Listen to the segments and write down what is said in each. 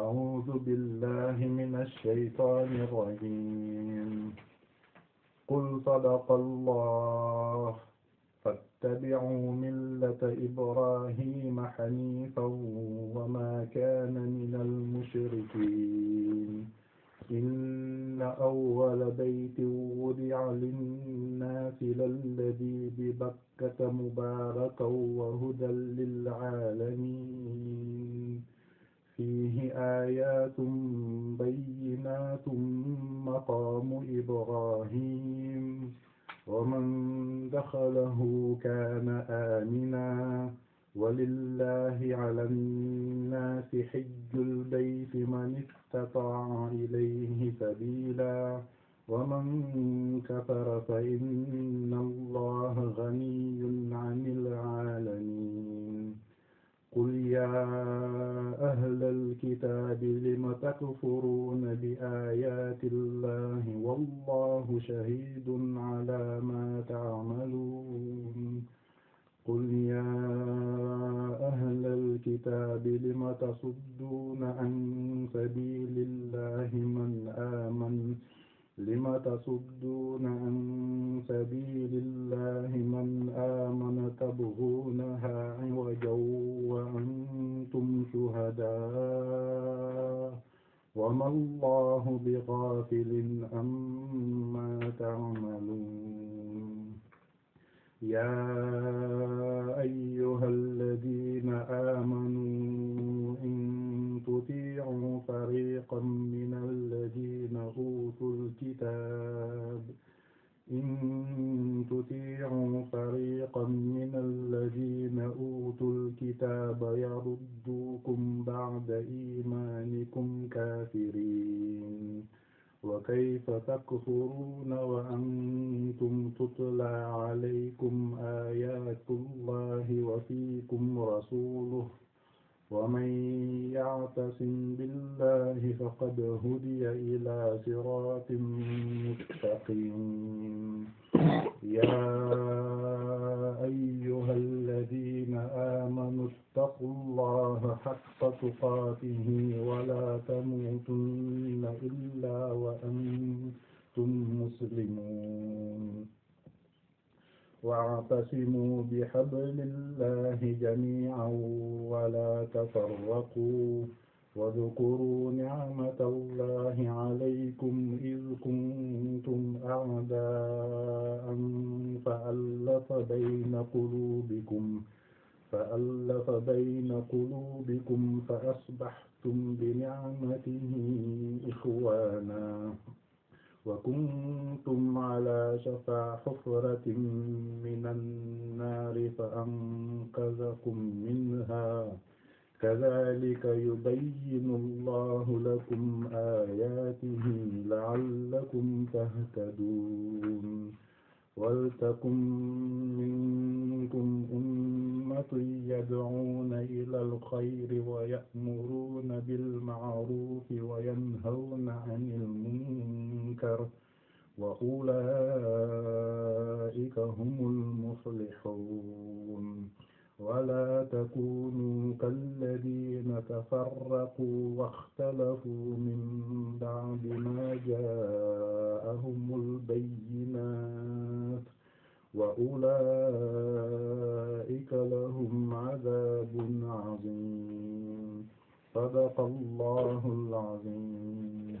أعوذ بالله من الشيطان الرجيم قل صدق الله فاتبعوا ملة إبراهيم حنيفا وما كان من المشركين إن أول بيت وضع للناس للذي ببكة مباركا وهدى للعالمين فيه آيات بينات مقام إبراهيم ومن دخله كان آمنا ولله على الناس حج البيت من استطاع إليه سبيلا ومن كفر فإن الله غني عن العالمين قل يا أهل الكتاب لم تكفرون بآيات الله والله شهيد على ما تعملون قل يا أهل الكتاب لم تصدون عن سبيل الله من آمن لم تصدون عن سبيل الله من آمن تبغونها عوجا وأنتم شهداء وما الله بغافل عما تعملون يا أيها الذين آمنوا إن تطيعوا فريقا من أوتوا الكتاب إن تطيعوا فريقا من الذين أوتوا الكتاب يردوكم بعد إيمانكم كافرين وكيف تكفرون وأنتم تتلى عليكم آيات الله وفيكم رسوله ومن يعتصم بالله فقد هدي إلى صراط مستقيم يا أيها الذين آمنوا اتقوا الله حق تقاته ولا تموتن إلا وأنتم مسلمون واعتصموا بحبل الله جميعا ولا تفرقوا واذكروا نعمة الله عليكم إذ كنتم أعداء فألف بين قلوبكم فألف بين قلوبكم فأصبحتم بنعمته إخوانا wa kuntum ala shafa xufratin min annaari fa anqazakum minha kazalika yubayyinu allahu lakum ayatihi laallakum tahtaduun ولتكن منكم أمة يدعون إلى الخير ويأمرون بالمعروف وينهون عن المنكر وأولئك هم المفلحون ولا تكونوا كالذين تفرقوا واختلفوا من بعد ما جاءهم البينات وأولئك لهم عذاب عظيم صدق الله العظيم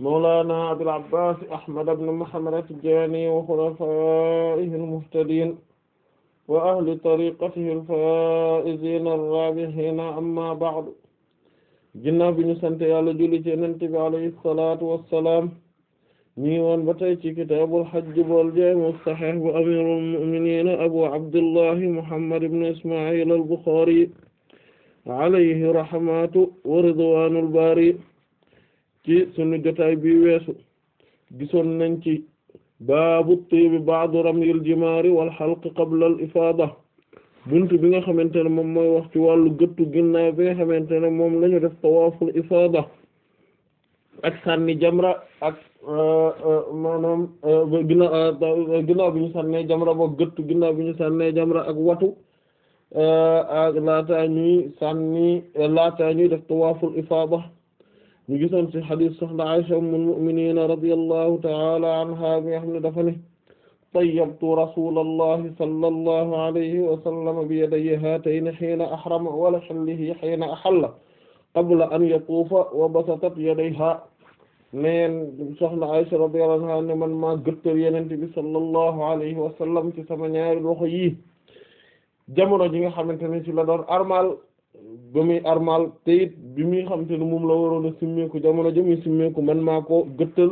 mawlana Abil Abbaas Ahmad ibn Muhammad at-Tijaani wa xulafaa'ihi al-muhtadiin wa ahli tariiqatihi al-faa'iziina ar-raabihiina ammaa ba'du ginnaaw bi ñu sant Yàlla julli ci Yonent bi alayhi salaatu wa salaam ñi woon ba tey ci kitaabul hajj wal jaami' as-sahiih bu amiiril mu'miniina Abu Abdillahi Muhammad ibn Ismaa'iil al-Bukhaari alayhi rahmatu wa ridwaanul baari ci sunu jotaay bi weesu gisoon nañ ci baabu tiibi ba'da ramyil jimaari wal xalq qabla ifaada bunt bi nga xamante ne moom mooy wax ci wàllu gëttu ginnaa bi nga xamante ne moom la ñu def tawaaful ifaada ak sànni jamra ak euh, euh, maanaam euh, ginnaaw ginnaaw bi ñu sànnee jamra boog gëttu ginnaaw bi ñu sànnee jamra ak watu ak laata ñuy sànni laata ñuy def tawaaful ifaada ñu gisoon ci xadiis soxna Aysa ummul mu'miniina radiyallahu ta'ala anha bi nga xam ne dafa ne tayyabtu rasulallahi sallallahu alayhi wa sallam bi yadayhi haatayni hiina ahrama wa laxillihi hiina ahalla qabla an yatuufa wa basatat yadayhaa neen soxna Aysa radiyallahu anha ne man maa gëttal Yonent bi sallallahu alayhi wa sallam ci sama ñaari loxo yi jamono ji nga xamante ne ci la doon armal ba muy armal te it bi muy xam te ne moom la waroon a simmeeku jamono ja muy man maa ko gëttal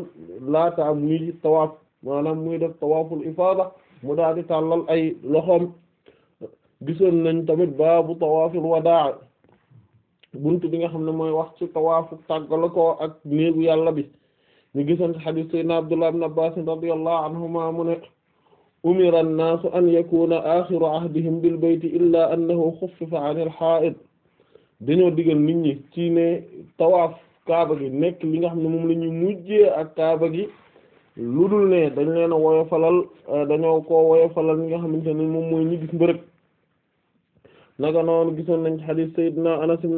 laata muy tawaaf maanaam muy def tawaaful mu daal di tàllal ay loxoom gisoon nañ tamit baabu tawaaful wadaa buntu bi nga xam mooy wax ci tawaafu tàggala ko ak néegu yàlla bi ñu gisoon ci xadiis sayyidina Abdullah ibn Abbaas radiyallahu anhuma mu ne umira an-naasu an ahdihim bil illa annahu xuffifa anil haa'id dañoo digal nit ñi ci ne tawaaf kaaba gi nekk li nga xam ne moom la ñuy mujjee ak kaaba gi lu dul ne dañ leen a woyofalal eh, dañoo ko woyofalal ñi nga xamante ne moom mooy ñi gis mbërëg naka noonu gisoon nañ ci xadiis Seydina Anas ibn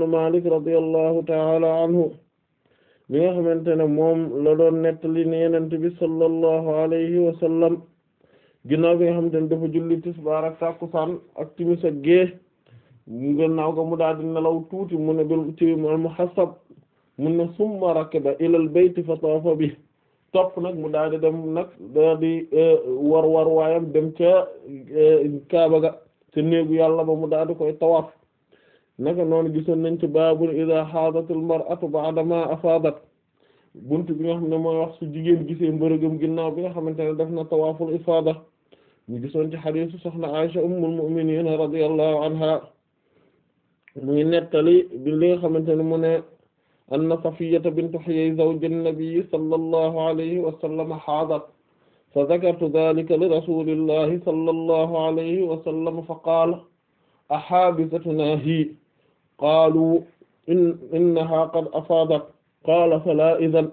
nga xamante ne moom la doon nettali ne Yonent bi sallallahu alayhi wa sallam ginnaaw bi nga xamante ne dafa julli tisbaar ak tàkkusaan ak timis ak gannaaw ga mu daal di nelaw tuuti mu ne bil ci muhassab mu ne summa rakida ilal bayti fa taafa bi topp nag mu daal di dem nag daal di eh, war war waayam dem ca eh, Kaaba ga te néegu yàlla ba mu daal di koy tawaaf naka noonu gisoon nañ ci baabul idaa haadatil mar'atu ba'da maa afaadat bunt bi nga xam ne mooy wax su jigéen gisee mbërëgëm ginnaaw bi nga xamante ne def na tawaaful ifaada ñu gisoon ci hadiisu soxna Aysa ummul mu'miniin radiyallahu anha muy nettali bi li nga xamante ne mu ne anna Safiyyata bintu Huyay zawju nabi sallallahu alayhi wa sallam haadat fa dhakartu dhalika li rasulillahi sallallahu alayhi wa sallam fa qaala ahaabisatuna hi qaalu innaha qad afaadat qaala falaa idhan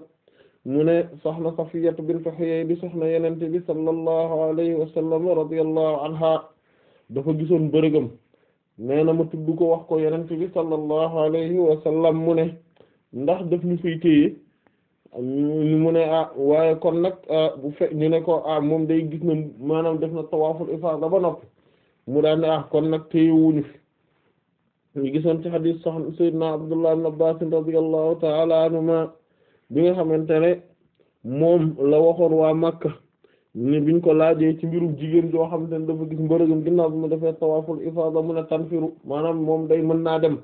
mu ne soxna Safiyyatu bintu Huyay bi soxna Yonent bi sallallahu alayhi wa sallam radiyallahu anha dafa gisoon bërëgam nee na ma tudd ko wax ko yonent bi sallallahu alayhi wa sallam mu ne ndax def ñu fiy téye mu ne ah waaye kon nag ah, bu fe ñu ne ko ah moom day gis na maanaam def na tawaaful ifaada ba noppi mu daan ne ah kon nag téye wuñu fi ñu gisoon ci hadith soxna Seydina Abdullah ibn Abbas radiyallahu ta'ala anhuma bi nga xamante ne moom la waxoon waa Makka. ni biñ ko laajee ci mbiru jigéen joo xamante ne dafa gis mbërëgam ginnaaw bi mu defee tawaaful ifaada mun a tanfiru maanaam moom day mën naa dem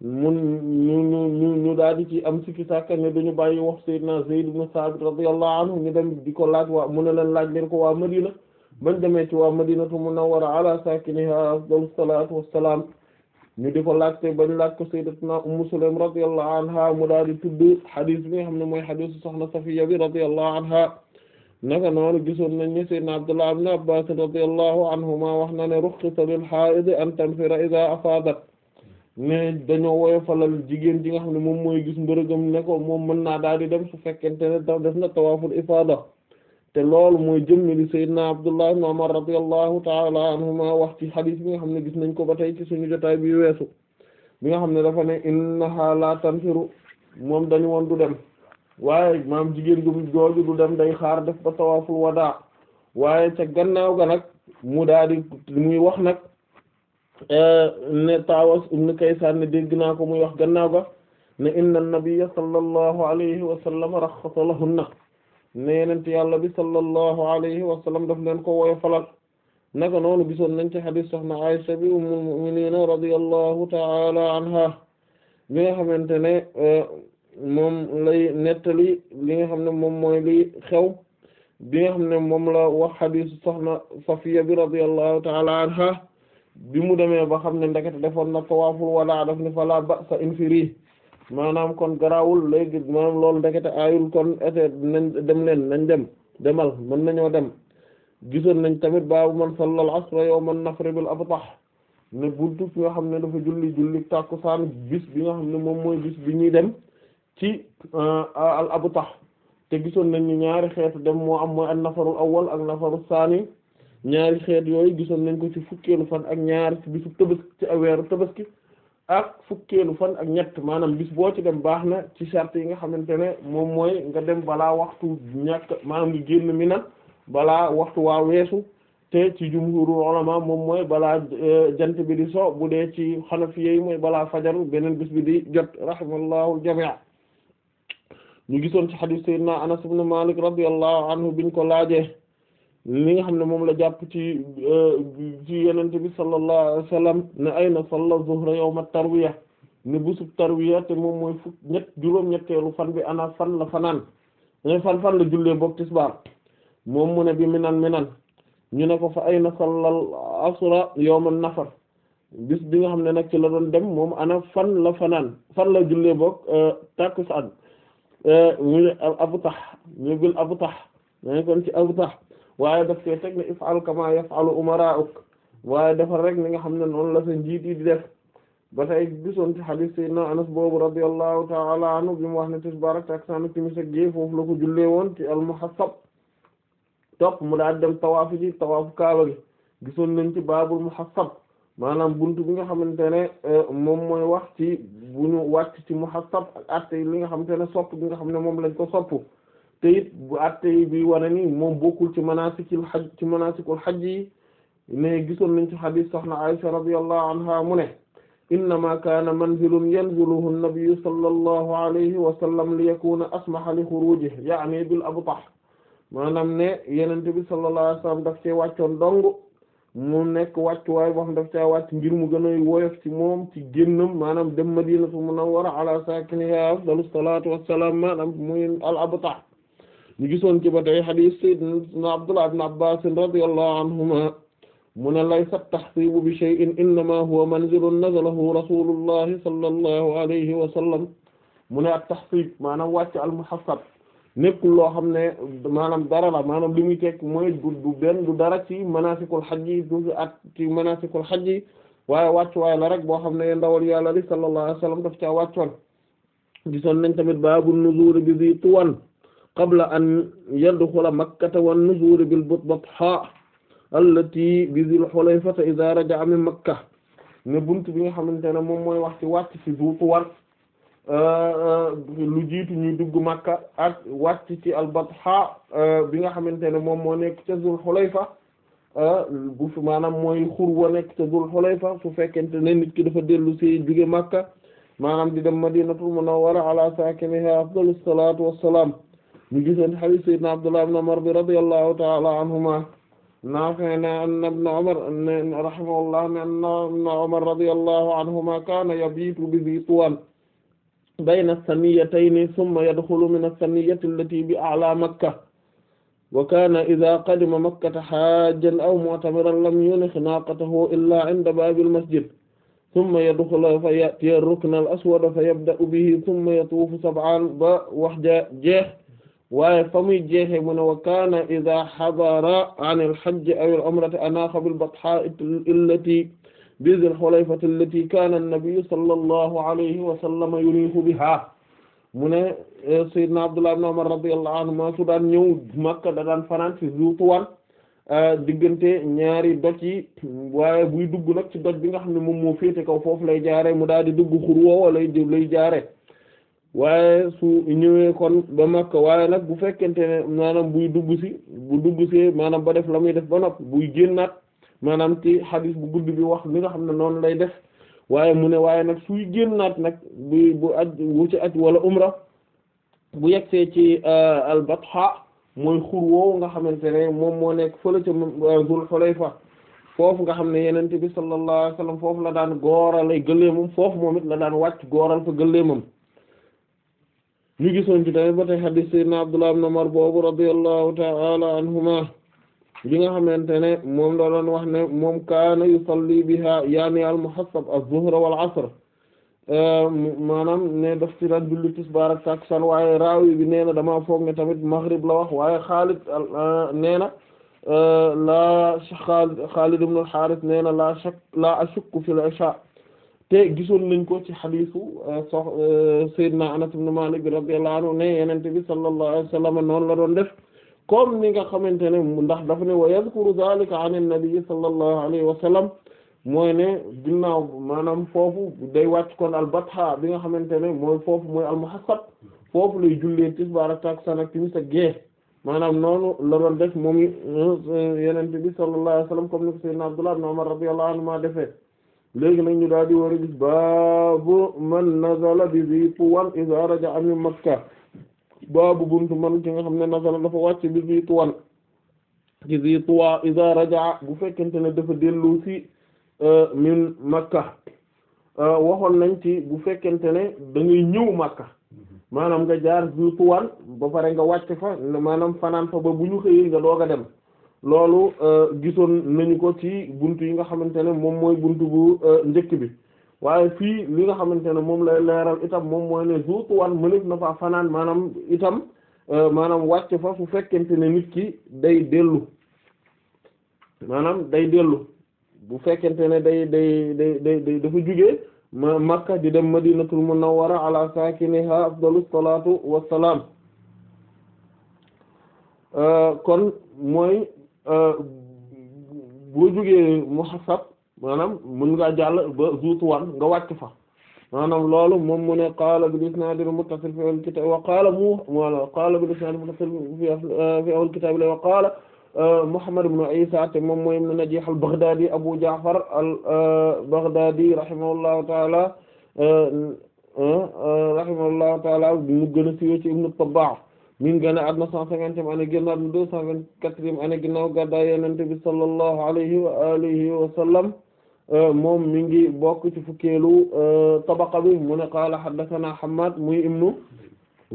mu ñu ñu ñu ñu daal di ci am sikki sàkka ne dañu bàyyi wax sayyidina Zayd ibn Sabit radiyallahu anhu ñu dem di ko laaj waa mun a leen laaj leen ko waa Madina bañ demee ci waa Madinatu Munawwara ala sakiniha afdalu salaatu wassalaam ñu di ko laajte bañ laaj ko sayyidatuna mu Sulaym radiyallahu anha mu daal di tudd xadiis bi na xam ne mooy xadiisu soxna Safiya bi radiyallahu anha naka noonu gisoon nañ ni sayyidna Abdullah ibn Abbas radiyallahu anhuma wax na ne rukhisa lil haa'id an tanfira idha afaadat ne dañoo woyofalal jigéen ji nga xam ne moom mooy gis mbërëgam ne ko moom mën naa daal di dem su fekkente ne daf def na tawaaful ifaada te loolu mooy jëmmi li sayyidna Abdullah ibn Umar radiyallahu ta'ala anhuma wax ci xadiis mi nga xam ne gis nañ ko ba tey ci suñu jotaay bi weesu bi nga xam ne dafa ne innaha la tanfiru moom dañu woon du dem waaye maam jigéen gu jooju du dem day xaar def ba tawaaful wadaa waaye ca gannaaw ga nag mu daal muy wax nag eh, ne Taawas ibn Kaysaan ne dégg naa ko muy wax gannaaw ga ne inna nabiyya sallallahu alayhi wa sallam raxxasa lahunna ne yenent yàlla bi sallallahu alayhi wa sallam daf leen ko wooyo falal naka noonu gisoon nañ ci xadiis soxna Aysa bi ummul mu'miniina radiyallahu ta'ala anha bi nga xamante ne eh, moom lay nettali li nga xam ne moom mooy li xew bi nga xam ne moom la wax xadiisu soxna Safiya bi radiyallahu taala anha bi mu demee ba xam ne ndekete defoon na tawaaful wala daf ni fala ba sa infiri maanaam kon garawul léegi maanaam loolu ndekete aayul kon ete nañ dem leen nañ dem demal mën nañoo dem gisoon nañ tamit baabu man sallal asra yawman nafri bil abtah ne buntu fi nga xam ne dafa julli julli tàkkusaan bis bi nga xam ne moom mooy bis bi ñuy dem ci euh, al tax te gisoon nañ ni ñaari xeetu dem moo am mooy an nafarul awwal ak nafarul saani ñaari xeet yooyu gisoon nañ ko ci fukkeelu fan ak ñaar ci bisu tabaski ci weeru tabaski ak fukkeelu fan ak ñett maanaam bis boo ci dem baax na ci charte yi nga xamante ne moom mooy nga dem balaa waxtu ñàkk maanaam nga génn mi na balaa waxtu waa weesu te ci jumhurul ulama moom mooy balaa euh, jant bi di so bu dee ci xanafi yi mooy balaa fajaru beneen bis bi di jot rahimallahu jami'a ñu gisoon ci hadith sayyidina Anas ibn Malik radiyallahu anhu biñ ko laajee li nga xam ne moom la jàpp ci euh, ci yenente bi sallallahu alayhi wa sallam ne ayna salla zuhra yawma tarwiya ne busub tarwiya te moom mooy fukk ñett juróom ñetteelu fan bi ana fan la fanaan fan fan la jullee boog tisbaar moom mu ne bi minan minan ñu ne ko fa ayna sallal asra yawma nafar bis bi nga xam ne nag ci la doon dem moom ana fan la fanaan fan la jullee boog euh, takkusaan Euh, mu ne Abtah ñu bil Abtah dañu kon ci Abtah waaye daf koy teg ne if'al kama yaf'alu umara'uk waaye defal rek ni nga xam ne noonu la sa njiit yi di def ba tey gisoon ci hadith sayyidina Anas boobu radiyallahu ta'ala anhu bi mu wax ne tisbaar ak takkusaan ak timis ak gée foofu la ko jullee woon ci al-Muhassab topp mu daal dem tawaafu ji tawaafu kaaba gi gisoon nañ ci baabul Muhassab maanaam buntu bi nga xamante ne euh, moom mooy wax ci bu ñu wàcc ci muhassab ak atte li nga xamante ne sopp bi nga xam ne moom lañ ko sopp te it bu atte bi wane moom bokkul ci manasikil xaj ci manasikul xaj yi ne gisoon nañ ci xadiis soxna Aysa radiyallahu anha mu ne innama kaana manzilun yanziluhu an-nabiyyu sallallahu alayhi wa sallam li yakuna asmaha li xurujihi ya'ni bil abtah maanaam ne yenente bi sallallahu alayhi wa sallam daf cee wàccoon dong mu nekk wàccuwaay boo xam daf caa wàcc ngir mu gën a woyof ci moom ci génnam maanaam dem madinatu munawwara ala sakiniha afdalu salaatu wassalaam maanaam muy al abtah ñu gisoon ci ba tey hadith sayyidina abdullah ibn abbas radiyallahu anhuma mu ne laysa tahsibu bi shay'in innama huwa manzilun nazalahu rasulullahi sallallahu alayhi wa sallam mu ne at tahsib maanaam wàcc al muhassab nekkul loo xam ne maanaam dara la maanaam li muy teg mooy du du benn du dara ci manasikul xaj yi du at ci manasikul xaj yi waaye wàccuwaay la rek boo xam ne ndawal yàlla li sallallahu alayhi wasallam daf caa wàccoon gisoon nañ tamit baabu nuzuur bi zi tuwan qabla an yadxula makkata wan nuzuur bil batha allati bi zil xulayfata idha raja'a min makka ne bunt bi nga xamante ne moom mooy wax ci wàcc ci zi tuwan lu euh, euh, jiitu ñuy dugg Makka ak wàcc ci al-Batha euh, bi nga xamante ne moom moo nekk ca Zul Xulayfa bu maanaam mooy xur nekk ca Zul Xulayfa su fekkente ne nit ki dafa dellu si jóge Makka maanaam di dem Madinatul Munawwara ala saakinihaa afdalu salaatu wassalaam ñu gisoon hadiis Sayyidina Abdullah ibn Umar bi radiyallahu ta'ala anhuma Naafi' na anna ibn Umar rahimahullah anhuma kaana yabiitu bi Dhi Tuwaan bayna saniyatayni thumma yadxulu min as-saniyati allati bi a'la makkah wa kaana idha qadima makkata hajjan aw mu'tamiran lam yunih naaqatahu illa 'inda baabil masjid thumma yadxulu fa ya'ti ar-rukna al-aswad fa yabda'u bihi thumma yatuufu sab'an ba wax ja jeex waaye fa muy jeexe mu ne wa kaana idha hadara 'an al-hajj aw al-umrati anaaxa bil-bathaa allati bi Zul Hulayfati allati kaana an-nabiyyu sallallahu alayhi wa sallam bi bihaa mu ne eh, Seydina Abdullah ibn Umar radiyallahu anhuma su daan ñëw Makka da daan fanaan ci Zu eh, diggante ñaari doj yi waaye buy dugg nag ci doj bi nga xam ne moom moo féete kaw foofu lay jaare mu daal di dugg xur woowa lay jë lay jaare waaye su ñëwee kon ba Makka waaye nag bu fekkente ne maanaam buy dugg si bu dugg see maanaam ba def la muy def ba nopp buy génnaat maanaam ci xadis bu gudd bi wax li nga xam ne noonu lay def waaye mu ne waaye nag suy génnaat nag bu aj wu ci aj wala umra bu yegsee ci euh, albatha mooy xur woowu nga xamante ne moom moo nekk fële ca euh, Zul Xulayfa foofu nga xam ne yenente bi sallallahu alayhi wasallam foofu la daan gooral ay gëléemam foofu moom it la daan wàcc gooral fa gëléemam ñu gisoon ci tamit ba tey xadis sayyidina Abdullah ibn Umar boobu radiyallahu ta'ala anhuma bi nga xamante ne moom la doon wax ne moom kaana yusalli biha yaani al-muhassab az-zuhra wal-asr euh, maanaam ne daf ci daan julli tisbaar ak takkusaan waaye raawi bi nee na damaa foog ne tamit maghrib la wax waaye Xaalid euh, nee na euh, laa Xaalid Xaalid haaris nee na laa shak laa ashukku fil te gisoon nañ ko ci xadiisu sox Seydina Anas ibn Maalik radiyallahu anhu ne Yonent bi sallallahu alayhi wa sallam noonu la doon def. comme ni nga xamante ne ndax dafa ne wa yadhkuru dhalika an an-nabi sallallahu alayhi wa mooy ne ginnaaw maanaam foofu day wàcc kon al-batha bi nga xamante ne mooy foofu mooy al-muhassab foofu lay jullee tisbaar ak takkusaan ak timis ak gée maanaam noonu la doon def moom euh, yenente bi sallallahu alayhi wa sallam comme ni ko sayyidina Abdullah ibn Umar radiyallahu anhuma defee léegi nag ñu daal di war a baabu man nazala bi zi tuwal idha raja'a min baabu buntu man ki nga xam ne nasala dafa wàcc bi zi tuwan ci zi tuwa iza rajaa bu fekkente ne dafa dellu si e, min makka e, waxoon nañ ci bu fekkente ne da ñëw makka maanaam nga jaar zi tuwan ba pare nga wàcc fa maanaam fanaan fa ba bu ñu xëyee nga doog a dem loolu e, gisoon nañu ko ci bunt yi nga xamante ne moom mooy bunt bu njëkk bi waaye fii li nga xamante ne moom lay leeral itam moom mooy ne zuutuwan mënif na fa fanaan maanaam itam euh, maanaam wàcc fa fu fekkente ne nit ki day dellu maanaam day dellu bu fekkente ne day day day day dafa jóge ma Makka di dem na a Madinatul Munawwara ala saakiniha afdalus salaatu wassalaam euh, kon mooy euh, boo jugee muhassab maanaam mën ngaa jàll ba zuutuwan nga wàcc fa maanaam loolu moom mu ne qaala bil isnaadil muttasil fi awwal kitaab wa qaala mu wala qaala bil isnaadil muttasil fi awwal kitaab la wa qaala euh, Muhammad ibn Isa te moom mooy ibn Najiih al-Baghdaadi Abu Ja'far al-Baghdaadi rahimahullahu ta'ala euh, euh, rahimahullahu ta'ala mu gën a siiwee ci Ibn Tabbaa min gën a àdduna 150 ane ginnaaw 224 ane ginnaaw gàddaay Yonent bi sallallahu alayhi wa alihi wa sallam Euh, moom mi ngi bokk ci fukkeelu euh, tabaqa bi mu ne qaala haddathana Hammad muy ibnu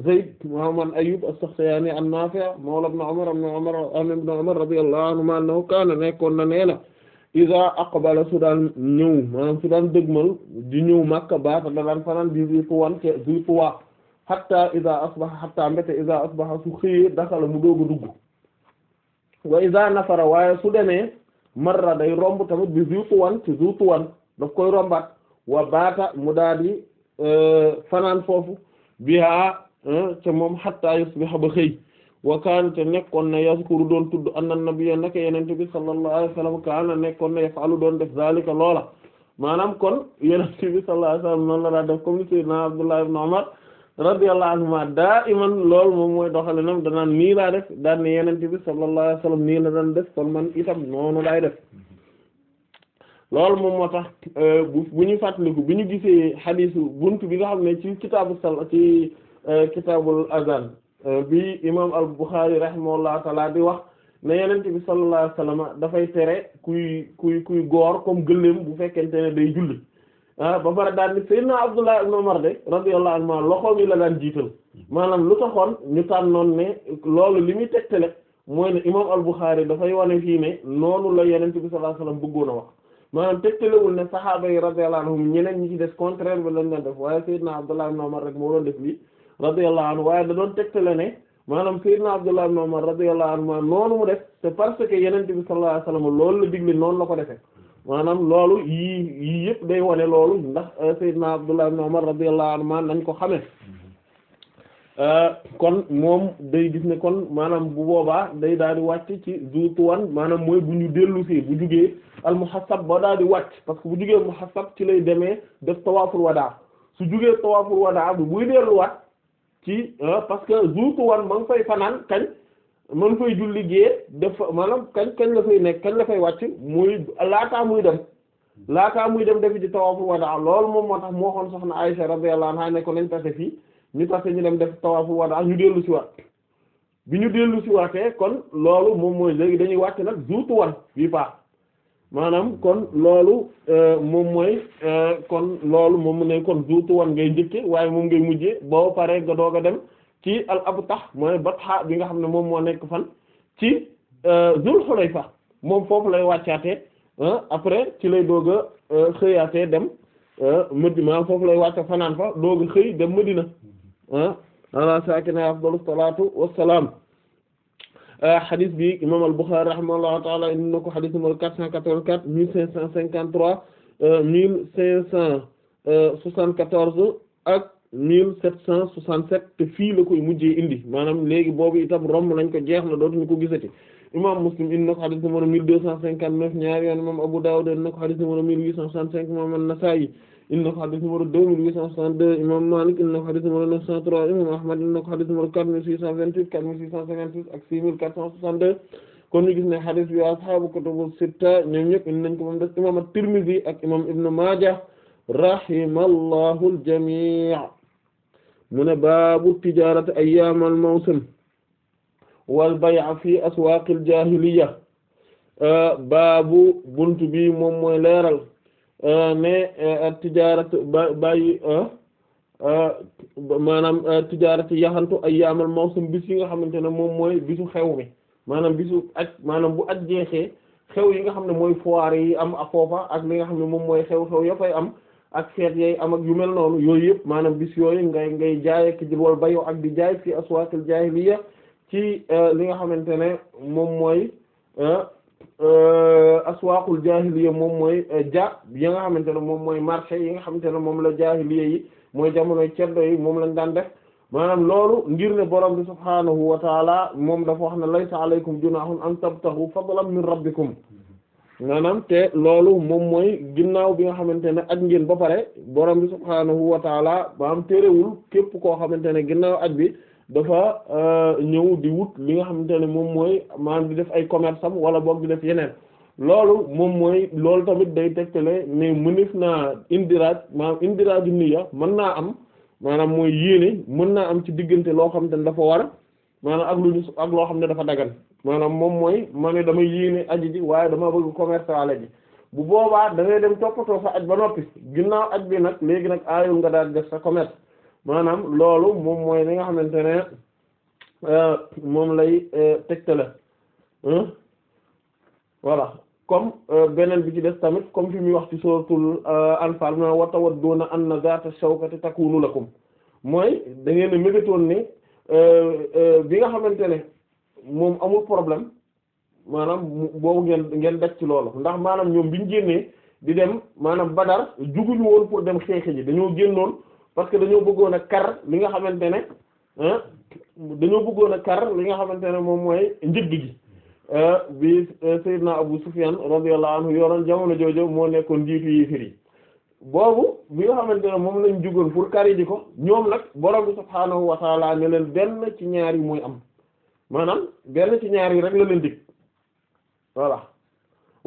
Zayd Muhammad Ayyub as-Sakhtiyani an-Nafi' mawla ibn Umar ibn Umar ibn Umar radiyallahu anhuma annahu kaana nekkoon na nee na iza aqbala su daan ñëw maanaam su daan dëgmal di ñëw Makka baata da daan fanaan bi zi Quwaan ke zi Quwaa hatta iza asbaha hatta mbete iza asbaha su xëyee daxala mu doog a dugg wa iza nafara waaye su demee marra day romb tamit bi zu tuwan ci zu tuwan daf koy rombaat wa baata mu daal di euh, fanaan foofu biha euh, ca moom hatta yusbiha ba xëy wa kaana te nekkoon na yaskuru doon tudd anna nabiyya naka yenente bi sallallahu alayhi wa sallam kaana nekkoon na yafalu doon def zalika loola maanaam kon yenente bi sallallahu alayhi sallam noonu la daa def comme ni sayyidina Abdullah ibn radiyallahu anhuma daa iman lool moom mooy doxalinam danaan nii laa def daan ne yeneen bi sallallahu alayhi nii la daan def kon man itam noonu laay def loolu moom moo tax euh, bu ñu fàttaliku bu ñu gisee xadiisu bunt bi nga xam ne ci kitaabu sal ci euh, kitaabul azan euh, bi imaam al Bukhari rahimahullahu taala di wax ne yeneen bi sallallahu alayhi dafay tere kuy kuy kuy góor comme gëléem bu fekkente ne day julli. Ah, ba bara daan ni Seydina Abdullah ibn Umar de radiyallahu anhu loxoom yi la daan jiital maanaam lu taxoon ñu noon ne loolu li muy tegtale mooy ne imam al-Bukhari dafay wane fii ne noonu la yenente bi sallallahu alayhi wasallam bëggoon a wax maanaam tegtalewul ne sahaaba yi radiyallahu anhum ñeneen ñi ci des contraire bi lañ daan def waaye Seydina Abdullah ibn Umar rek moo doon def lii radiyallahu anhu waaye da doon tegtale ne maanaam Seydina Abdullah ibn Umar radiyallahu anhu noonu mu def c'est parce que yenente bi sallallahu alayhi wasallam loolu noonu la ko defee maanaam loolu yii yii yëpp day wane loolu ndax euh, Seydina Abdullah ibn Umar radiyallahu anhuma nañ ko xamee euh, kon moom day gis ne kon maanaam bu boobaa day daal di wàcc ci zutuwan maanaam mooy bu ñu dellusee bu jugee al muhassab ba daal di wàcc parce que bu jugee muhassab ci lay demee def tawaaful wadaa su jugee tawaaful wadaa bi buy delluwaat ci euh, parce que zutuwan ma ngi fay fanaan kañ man fay julli gée dafa maanaam kañ kañ la fay nekk kañ la fay wàcc muy laataa muy dem laataa muy dem defi ci tawaaful wadaa loolu moom moo tax moo xoon soxna Aysa radiyallahu anha ne ko nañ tase fii ñu tase ñu dem def tawaaful wadaa ñu dellu si waat bi ñu dellu si waatee kon loolu moom mooy léegi dañuy wàcc nag juutu wan bii paax maanaam euh, euh, kon loolu moom mooy kon loolu moom mu ne kon juutu wan ngay njëkke waaye moom ngay mujjee boo paree nga doog a dem ci al abtah mooy batha bi nga xam ne moom moo nekk fan ci euh, Zul Hulayfa moom foofu lay wàccaatee après ci lay doog a euh, xëyaatee dem euh, Madina foofu lay wàcca fanaan fa doog a xëy dem Madina ala saakina afdalu salaatu wassalaam xadis bi imam al Bukhari rahimahullahu taala indi na ko xadis numéro quatre cent quatre-vingt-quatre mille cinq cent cinquante-trois mille cinq cent soixante-quatorze ak mille sept cent soixante-sept te fii la koy mujjee indi maanaam léegi boobu itam romb nañ ko jeex na dootuñu ko gisati imam Muslim indi ko xadis numéro mille deux cent cinquante-neuf ñaari yoon Abu Dawud indi ko xadis numéro mille huit cent soixante-cinq imam An-Nasa'i indi na ko xadis numéro deux mille cent soixante-deux imam Malik indi ko xadis numéro neuf cent trois imam Ahmad indi ko xadis numéro quatre mille six cent vingt six ak six mille quatre cent soixante ñu ko moom des imam At-Tirmidhi ak imam Ibn Maaja mu ne baabu tijaarati ayyaamal mawsim wal bay'a fi aswaaqil jaahiliya baabu buntu bi moom mooy leeral ne eh, tijaarat bàyyi eh, eh, maanaam tijaarati yaxantu ayyaamal mawsim bis yi nga xamante ne moom mooy bisu xew mi maanaam bisu aj maanaam bu aj jeexee xew yi nga xam ne mooy foire yi am a foofa ak li nga xam ne moom mooy xew-xew ya fay am ak xeet yay am ak yu mel noonu yooyu yëpp maanaam bis yooyu ngay ngay jaay ak di wal bayo ak di jaay fi aswaqil jaahiliya ci euh, li nga xamante ne moom mooy euh, euh, aswaqul jaahiliya moom mooy ja yi nga xamante ne moom mooy marché yi nga xamante ne moom la jaahiliya yi mooy jamonoy ceddo yi moom lañ daan def maanaam loolu ngir ne borom bi subhaanahu wa taala moom dafa wax ne laysa alaykum junaahun an tabtahu fadlan min rabbikum maanaam te loolu moom mooy ginnaaw bi nga xamante ne ak ngeen ba pare borom bi subhaanahu wa taala ba am terewul képp koo xamante ne ginnaaw ak bi dafa euh, ñëw di wut li nga xamante ne moom mooy maanaam di def ay commerce am wala boog di def yeneen loolu moom mooy loolu tamit day tegtale ne mënif naa indiraaj maanaam indiraaju niya mën naa am maanaam mooy yéene mën naa am ci diggante loo xamante ne dafa war maanaam ak lu ak loo xam ne dafa dagan maanaam moom mooy ma ne dama yéene aji ji waaye dama bëgg commercial ji bu boobaa da ngay dem toppatoo sa aj ba noppi ginnaaw aj bi nag léegi nag aayul nga daal def sa commerce maanaam loolu moom mooy li nga xamante ne euh, moom lay euh, tegtale voilà comme euh, beneen bi ci des tamit comme fi muy wax ci suratul anfal ma watawadduuna anna zaata shawkati takunu lakum mooy da ngeen a mébétoon ni Euh, euh, bi nga xamante ne moom amul problème maanaam boobu ngeen ngeen daj ci loolu ndax maanaam ñoom bi ñu génnee di dem maanaam Badar juguñu woon pour dem xeex ji dañoo génnoon parce que dañoo bëggoon a kar li nga xamante ne dañoo bëggoon a kar li nga xamante ne moom mooy njëgg gi euh, bi Seydina Abu Sufyan radiyallahu anhu yoroon jamono jooju moo nekkoon njiitu yéefir yi boobu bi nga xamante ne moom lañ jugal pour kari di ko ñoom nag borom bi subhaanahu wa taala ne leen benn ci ñaar yi mooy am maanaam benn ci ñaar yi rek la leen dig voilà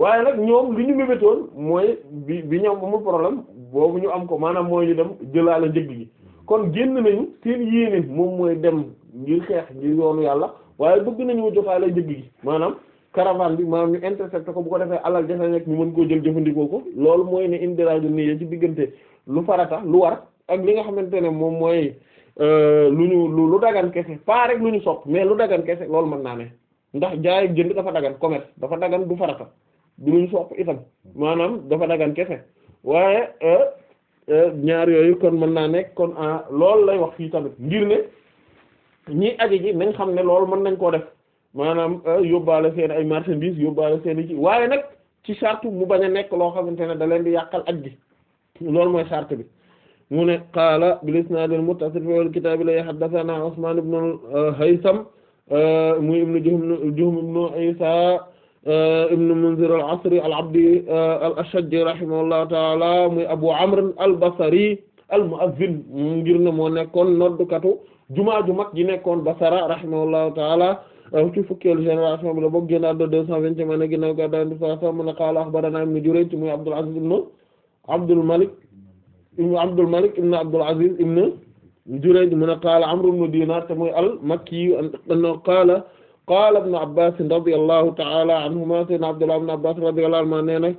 waaye nag ñoom li ñu mébétoon mooy bi bi ñoom amul problème boobu ñu am ko maanaam mooy ñu dem jëlaale njëg gi kon génn nañu seen yéene moom mooy dem ngir xeex ngir yoonu yàlla waaye bëgg nañu jotaale njëg yi maanaam caravane bi maanaam ñu intercepté ko bu ko defee alal jafe nekk ñu mën koo jël jëfandikoo ko loolu mooy ne indiraaju niyya ci diggante lu farata lu war ak li nga xamante ne moom mooy euh, lu ñu lu dagan kese pas rek lu ñu sopp mais lu dagan kese loolu mën naa ne ndax jaay ak dafa dagan commerce dafa dagan du farata du lu ñu sopp itam maanaam dafa daggan kese waaye euh, euh, ñaar yooyu kon mën naa ne kon ah, loolu lay wax fii tamit ngir ne ñi aji ji nañ xam ne loolu mën nañ koo def. maanaam euh, yóbbaale seen ay marchandises yóbbaale seen i ci waaye nag ci charte mu bañ a nekk loo xamante ne da leen di yàqal ak gi loolu mooy charte bi mu ne qaala bil isnaad al muttasil fil kitaab la haddathanaa Usmaan ibn al-Haytham euh, euh, muy ibn Juhm Juhm ibn Isa ibn Munzir al-Asri al-Abdi al-Ashajji rahimahullahu ta'ala muy Abu Amr al-Basri al-mu'azzin ngir ne moo nekkoon noddkatu jumaa ju mag ji nekkoon Basra rahimahullahu ta'ala ci fukkeelu génération bi la bokk génn àdduna deux cent vingtième année ginnaaw gàddaay Yonent bi sallallahu alayhi wa sallam mu ne qaala akhbaranaa Ibn Jurayj muy Abdul Aziz ibn Abdul Malik ibn Abdul Malik ibn Abdul Aziz ibn Jurayj mu ne qaala Amr ibn Dinar te muy al-Makki qaala qaala Ibn Abbas radiyallahu ta'ala anhuma sayyidina Abdullah ibn Abbas radiyallahu anhuma nee na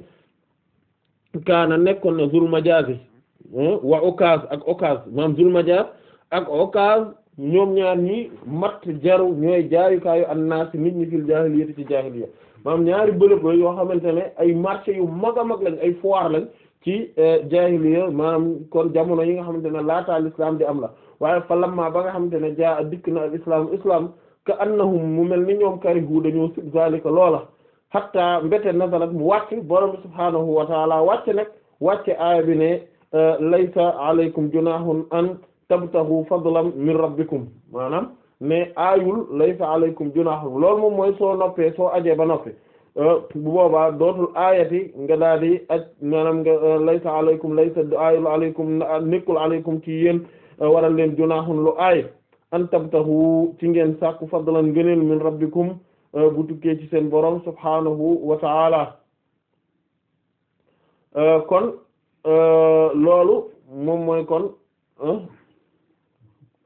kaana nekkoon na Zul Majaaz eh, wa Ukaaz ak Ukaaz maanaam Zul Majaaz ak Ukaaz ñoom ñaar ñi matt jaru ñooy jaayukaayu annaas nit ñi fil jaahiliyyati ci jaahiliyya maanaam ñaari bëlëb yoo xamante ne ay marché yu mag a mag lañ ay foire lañ ci eh, jaahiliyya maanaam kon jamono yi nga xamante ne laataa l'islam di am la waaye fa lamma ba nga xamante ne jaa dikk na al islam islam ka annahum mu mel ni ñoom karihu dañoo sib zalika loola hatta mbete nazalat mu wàcc borom subhaanahu wa taala wàcc nag wàcce aaya bi ne eh, laysa alaykum tabtahu fadlan min rabbikum maanaam mais aayul laysa alaykum junahun lool moom mooy soo noppee soo ajee ba noppi euh, bu boobaa dootul aayati nga daal di aj maanaam nga euh, laysa alaykum laysa aayul alaykum nekkul alaykum ci euh, waral leen junahun lu aay an tabtahu ci ngeen sàkku fadlan ngëneel min rabbikum bu tukkee ci seen borom subhanahu wa ta'ala kon loolu moom mooy kon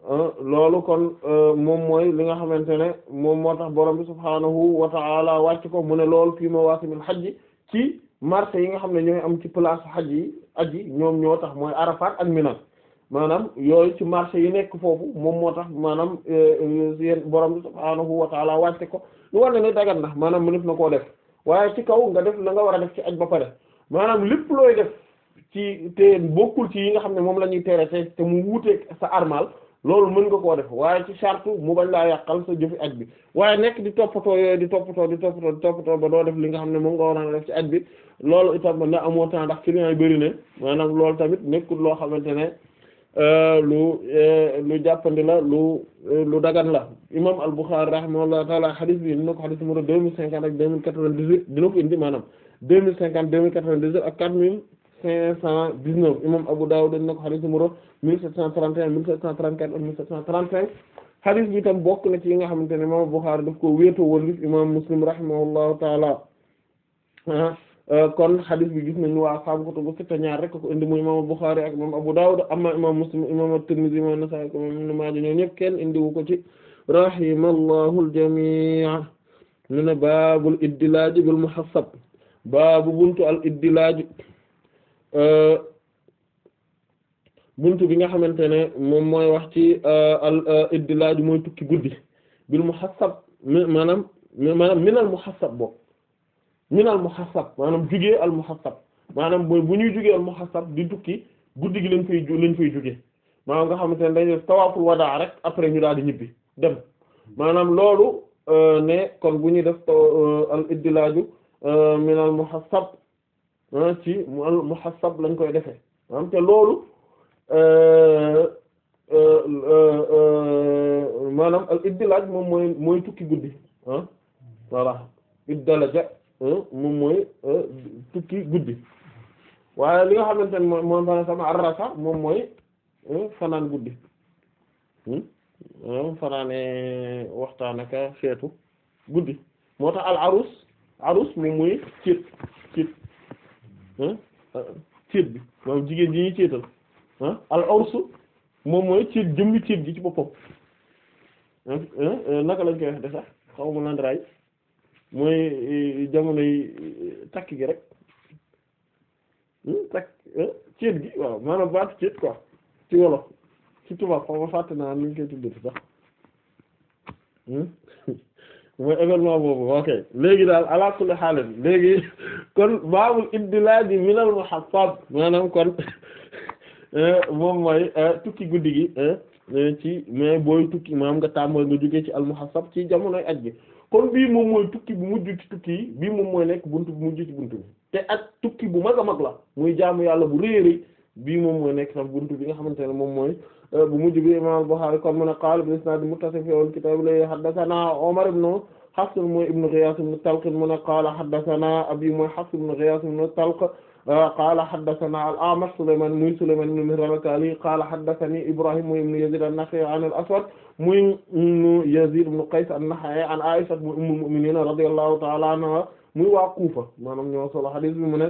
Euh, loolu kon euh, moom mooy li nga xamante ne moom moo tax borom bi subhaanahu wa ta'ala wàcc ko mu ne loolu fii mawaasimil xajji ci marché yi nga xam ne ñooy am ci place xaj yi aj yi ñoom ñoo tax mooy Arafat ak Mina maanaam yooyu ci marché yi nekk foofu moom moo tax maanaam yéen euh, borom bi subhaanahu wa ta'ala wàcce ko ñu war ne ne dagan na maanaam na koo def waaye ci kaw nga def la nga war a def ci aj ba pare maanaam lépp looy def ci te bokkul ci yi nga xam ne moom la ñuy tere te mu wuuteeg sa armal loolu mën nga koo def waaye ci charte mu bañ laa yàqal sa jëfi aj bi waaye nekk di toppatoo yooyu di toppatoo di toppatoo ba doo def li nga xam ne moom nga waroon a def ci aj bi loolu itam na amoo temps ndax client yi bëri maanaam lool tamit nekkul loo xamante ne euh, lu euh, lu jàppandi la lu euh, lu dagan la imam al-Bukhari rahimahullahu taala xadis bi dina ko xadis numéro deux mille cinquante deux mille quatre-vingt-dix-huit dina ko indi maanaam deux cinq cent dix-neuf imam Abu Dawud dañ na ko xadis numéro mille sept cent trente et un mille sept cent trente-quatre ak mille sept cent trente-cinq xadis bi tam bokk na ci yi nga xamante ne imam Bukhari daf ko wéetoo woon lif imam Muslim rahimahullahu taala ah, euh, kon xadis bi gis nañu waa xam kutubu sitta ñaar rek ko indi muy imam Bukhari ak imam Abu Dawud amma imam Muslim imam At-Tirmidhi imam Nasa'i imam Ibn Maaja ñoo ñëpp kenn indiwu ko ci rahimallahu al-jami' ñu ne baabul iddilaaji bil muhassab baabu buntu al iddilaaji Euh, buntu bi nga xamante ne moom mooy wax ci euh, al euh, iddilaaj mooy tukki guddi bil muhassab maanaam maanaam minal muhassab boobu minal muhassab maanaam jugee al muhassab maanaam mooy bu ñuy jugee al muhassab di tukki guddi gi lañ fay lañ fay jugee maanaam nga xamante ne dañuy tawaaful wadaa rek après ñu daal di ñibbi dem maanaam loolu ne kon bu ñuy def al iddilaaju minal muhassab ci mu al muhassab lañ koy defee maanaam te loolu euh, euh, euh, maanaam al moom mooy mooy tukki guddi ah waaye li nga xamante ne moom moom fanaan mooy fanaan guddi hmm? fanaane waxtaan ak xeetu guddi moo tax al arus arus moom mooy céet ceet bi maanaam jigéen ji ñuy ceetal ah al ursu moom mooy ceet jëmmi ceet gi ci boppam euh, naka la koy wax de sax xaw ma landaraay mooy euh, jamonoy euh, takk gi rek takk ceet gi waaw maanaam baatu ceet ci wolof ci tubaab ma fàtte naa nuñ koy tuddati sax mooy événement boobu ok léegi daal ala kulli xaalis léegi kon baabul ibtilaaji minal muhassab maanaam kon eh, moom mooy eh, tukki guddi gi eh, ci mais booy tukki maam nga tàmbal nga jógee ci al muhassab ci jamonoy aj bi kon bii moom mooy tukki bu mujj ci tukki yi bii moom mooy nekk bunt bu mujj ci buntu bi te ak tukki bu mag a mag la muy jaamu yàlla bu rëy rëy bii moom mooy nekk sax buntu bi nga xamante ne moom mooy bu mujj bi imam al-Bukhari kon mu ne qaala bi isnaad muttasil fi kitaab la haddathana Umar ibn Hafs mooy ibn Ghiyaas ibn Talq mu ne qaala haddathana abi mooy Hafs ibn Ghiyaas ibn Talq qaala haddathana al-A'mash Sulaymaan muy Sulaymaan ibn Mihraan al-Kaali qaala haddathani Ibraahiim muy ibn Yaziid an-Nakha'i an al-Aswad muy ibn Yaziid ibn Qays an-Nakha'i an Aa'isha muy ummul mu'miniin radiyallahu ta'ala anha muy waa Kuufa maanaam ñoo solo hadiis bi mu ne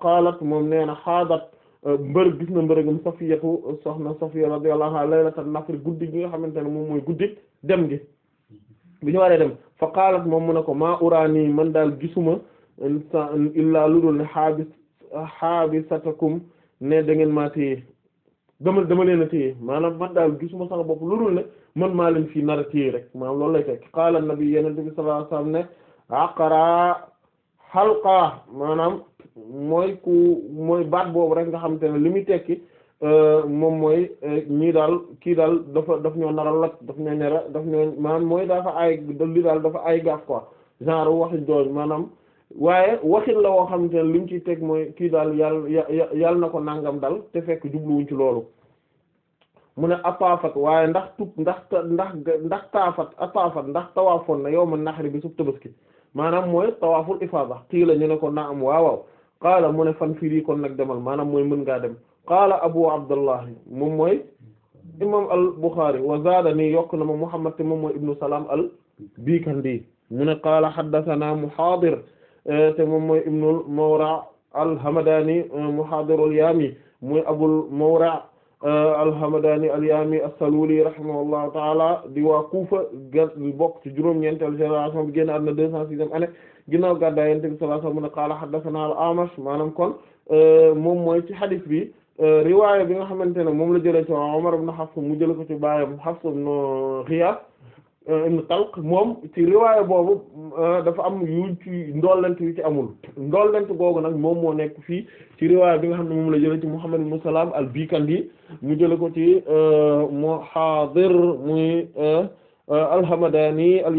qaalat moom nee na haadat mbër gis na mbërëgam safiyatu soxna safiya radiyallahu anha laylatan nafri guddi gi nga xamante ne moom mooy guddi dem gi bi ñu waree dem fa qaalat moom mu ne ko maa uraani man daal gisuma illaa lu dul ne xaabis xaabisatakum ne da ngeen maa téye dama dama leen a maanaam man daal gisuma sama bopp lu dul ne man maa leen fii nar a téye rek maanaam loolu lay fekk qaala nabi yenente bi sallallahu alayhi wasallam ne aqara xalqa maanaam mooy ku mooy baat boobu rek nga xamante ne li muy tekki euh, moom mooy euh, ñii daal kii daal dafa daf ñoo nar a daf ñoo nera daf ñoo maanaam mooy dafa ay li daal dafa ay gaaf quoi genre maanaam waaye waxin la woo xamante ne li mu ciy teg mooy kii daal yàlla yàlla na ko nangam dal te fekk jubluwuñ ci loolu mu ne ataafat waaye ndax tub ndax ndax ndax taafat ataafat ndax tawaafoon na yow ma naxari bi sub tabaski maanaam mooy tawaaful ifaada kii ñu ne ko naam waaw waaw qaala mu ne fan firi kon nag demal maanaam mooy mën ngaa dem qaala abu abdullah moom mooy imam al buxaari wa zaada nii yokk na ma muhammad te moom mooy ibnu salaam al bikandi mu ne qaala haddathana muhaadir eh, te moom mooy ibnul mawra al hamadani eh, muhaadir al yaami mooy abul mawra eh, al hamadani al yaami as-saluli rahimahullahu taala di waa kuufa ga bokk ci juróom-ñeenteel génération bi génn àdduna deux cent sixième année ginnaaw gàddaay Yonent bi sallallahu alayhi wasallam mu ne qaala kon euh, moom mooy ci hadith bi euh, riwaaya bi nga xamante ne moom la jëlee ci Umar ibn Hafs mu jëlee ko ci baayam Hafs euh, moom ci riwaaya boobu dafa am yu ci yu ci amul ndollent googu nag moom moo nekk fii ci riwaaya bi nga xam ne moom la jëlee ci Muhammad ibn Salam al-Bikandi mu jële ko ci Muhadir muy. al-Hamadani al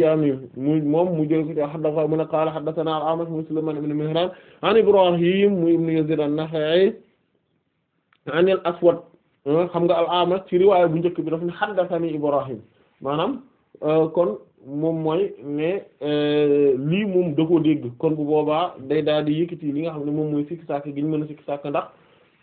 mu moom mu jël ko ci haddathana mu ne qaala haddathana al-A'mash mu Sulaymaan ibn Mihraan an Ibraahiim mu ibn Yaziid an-Nakha'i an al-Aswad xam nga al-A'mash ci riwaaya bu njëkk bi daf ne haddathani Ibraahiim maanaam euh, kon moom mooy ne euh, lii moom da dégg kon bu boobaa day daal di yëkkati li nga xam ne moom mooy sikki saak gi mën a sikki ndax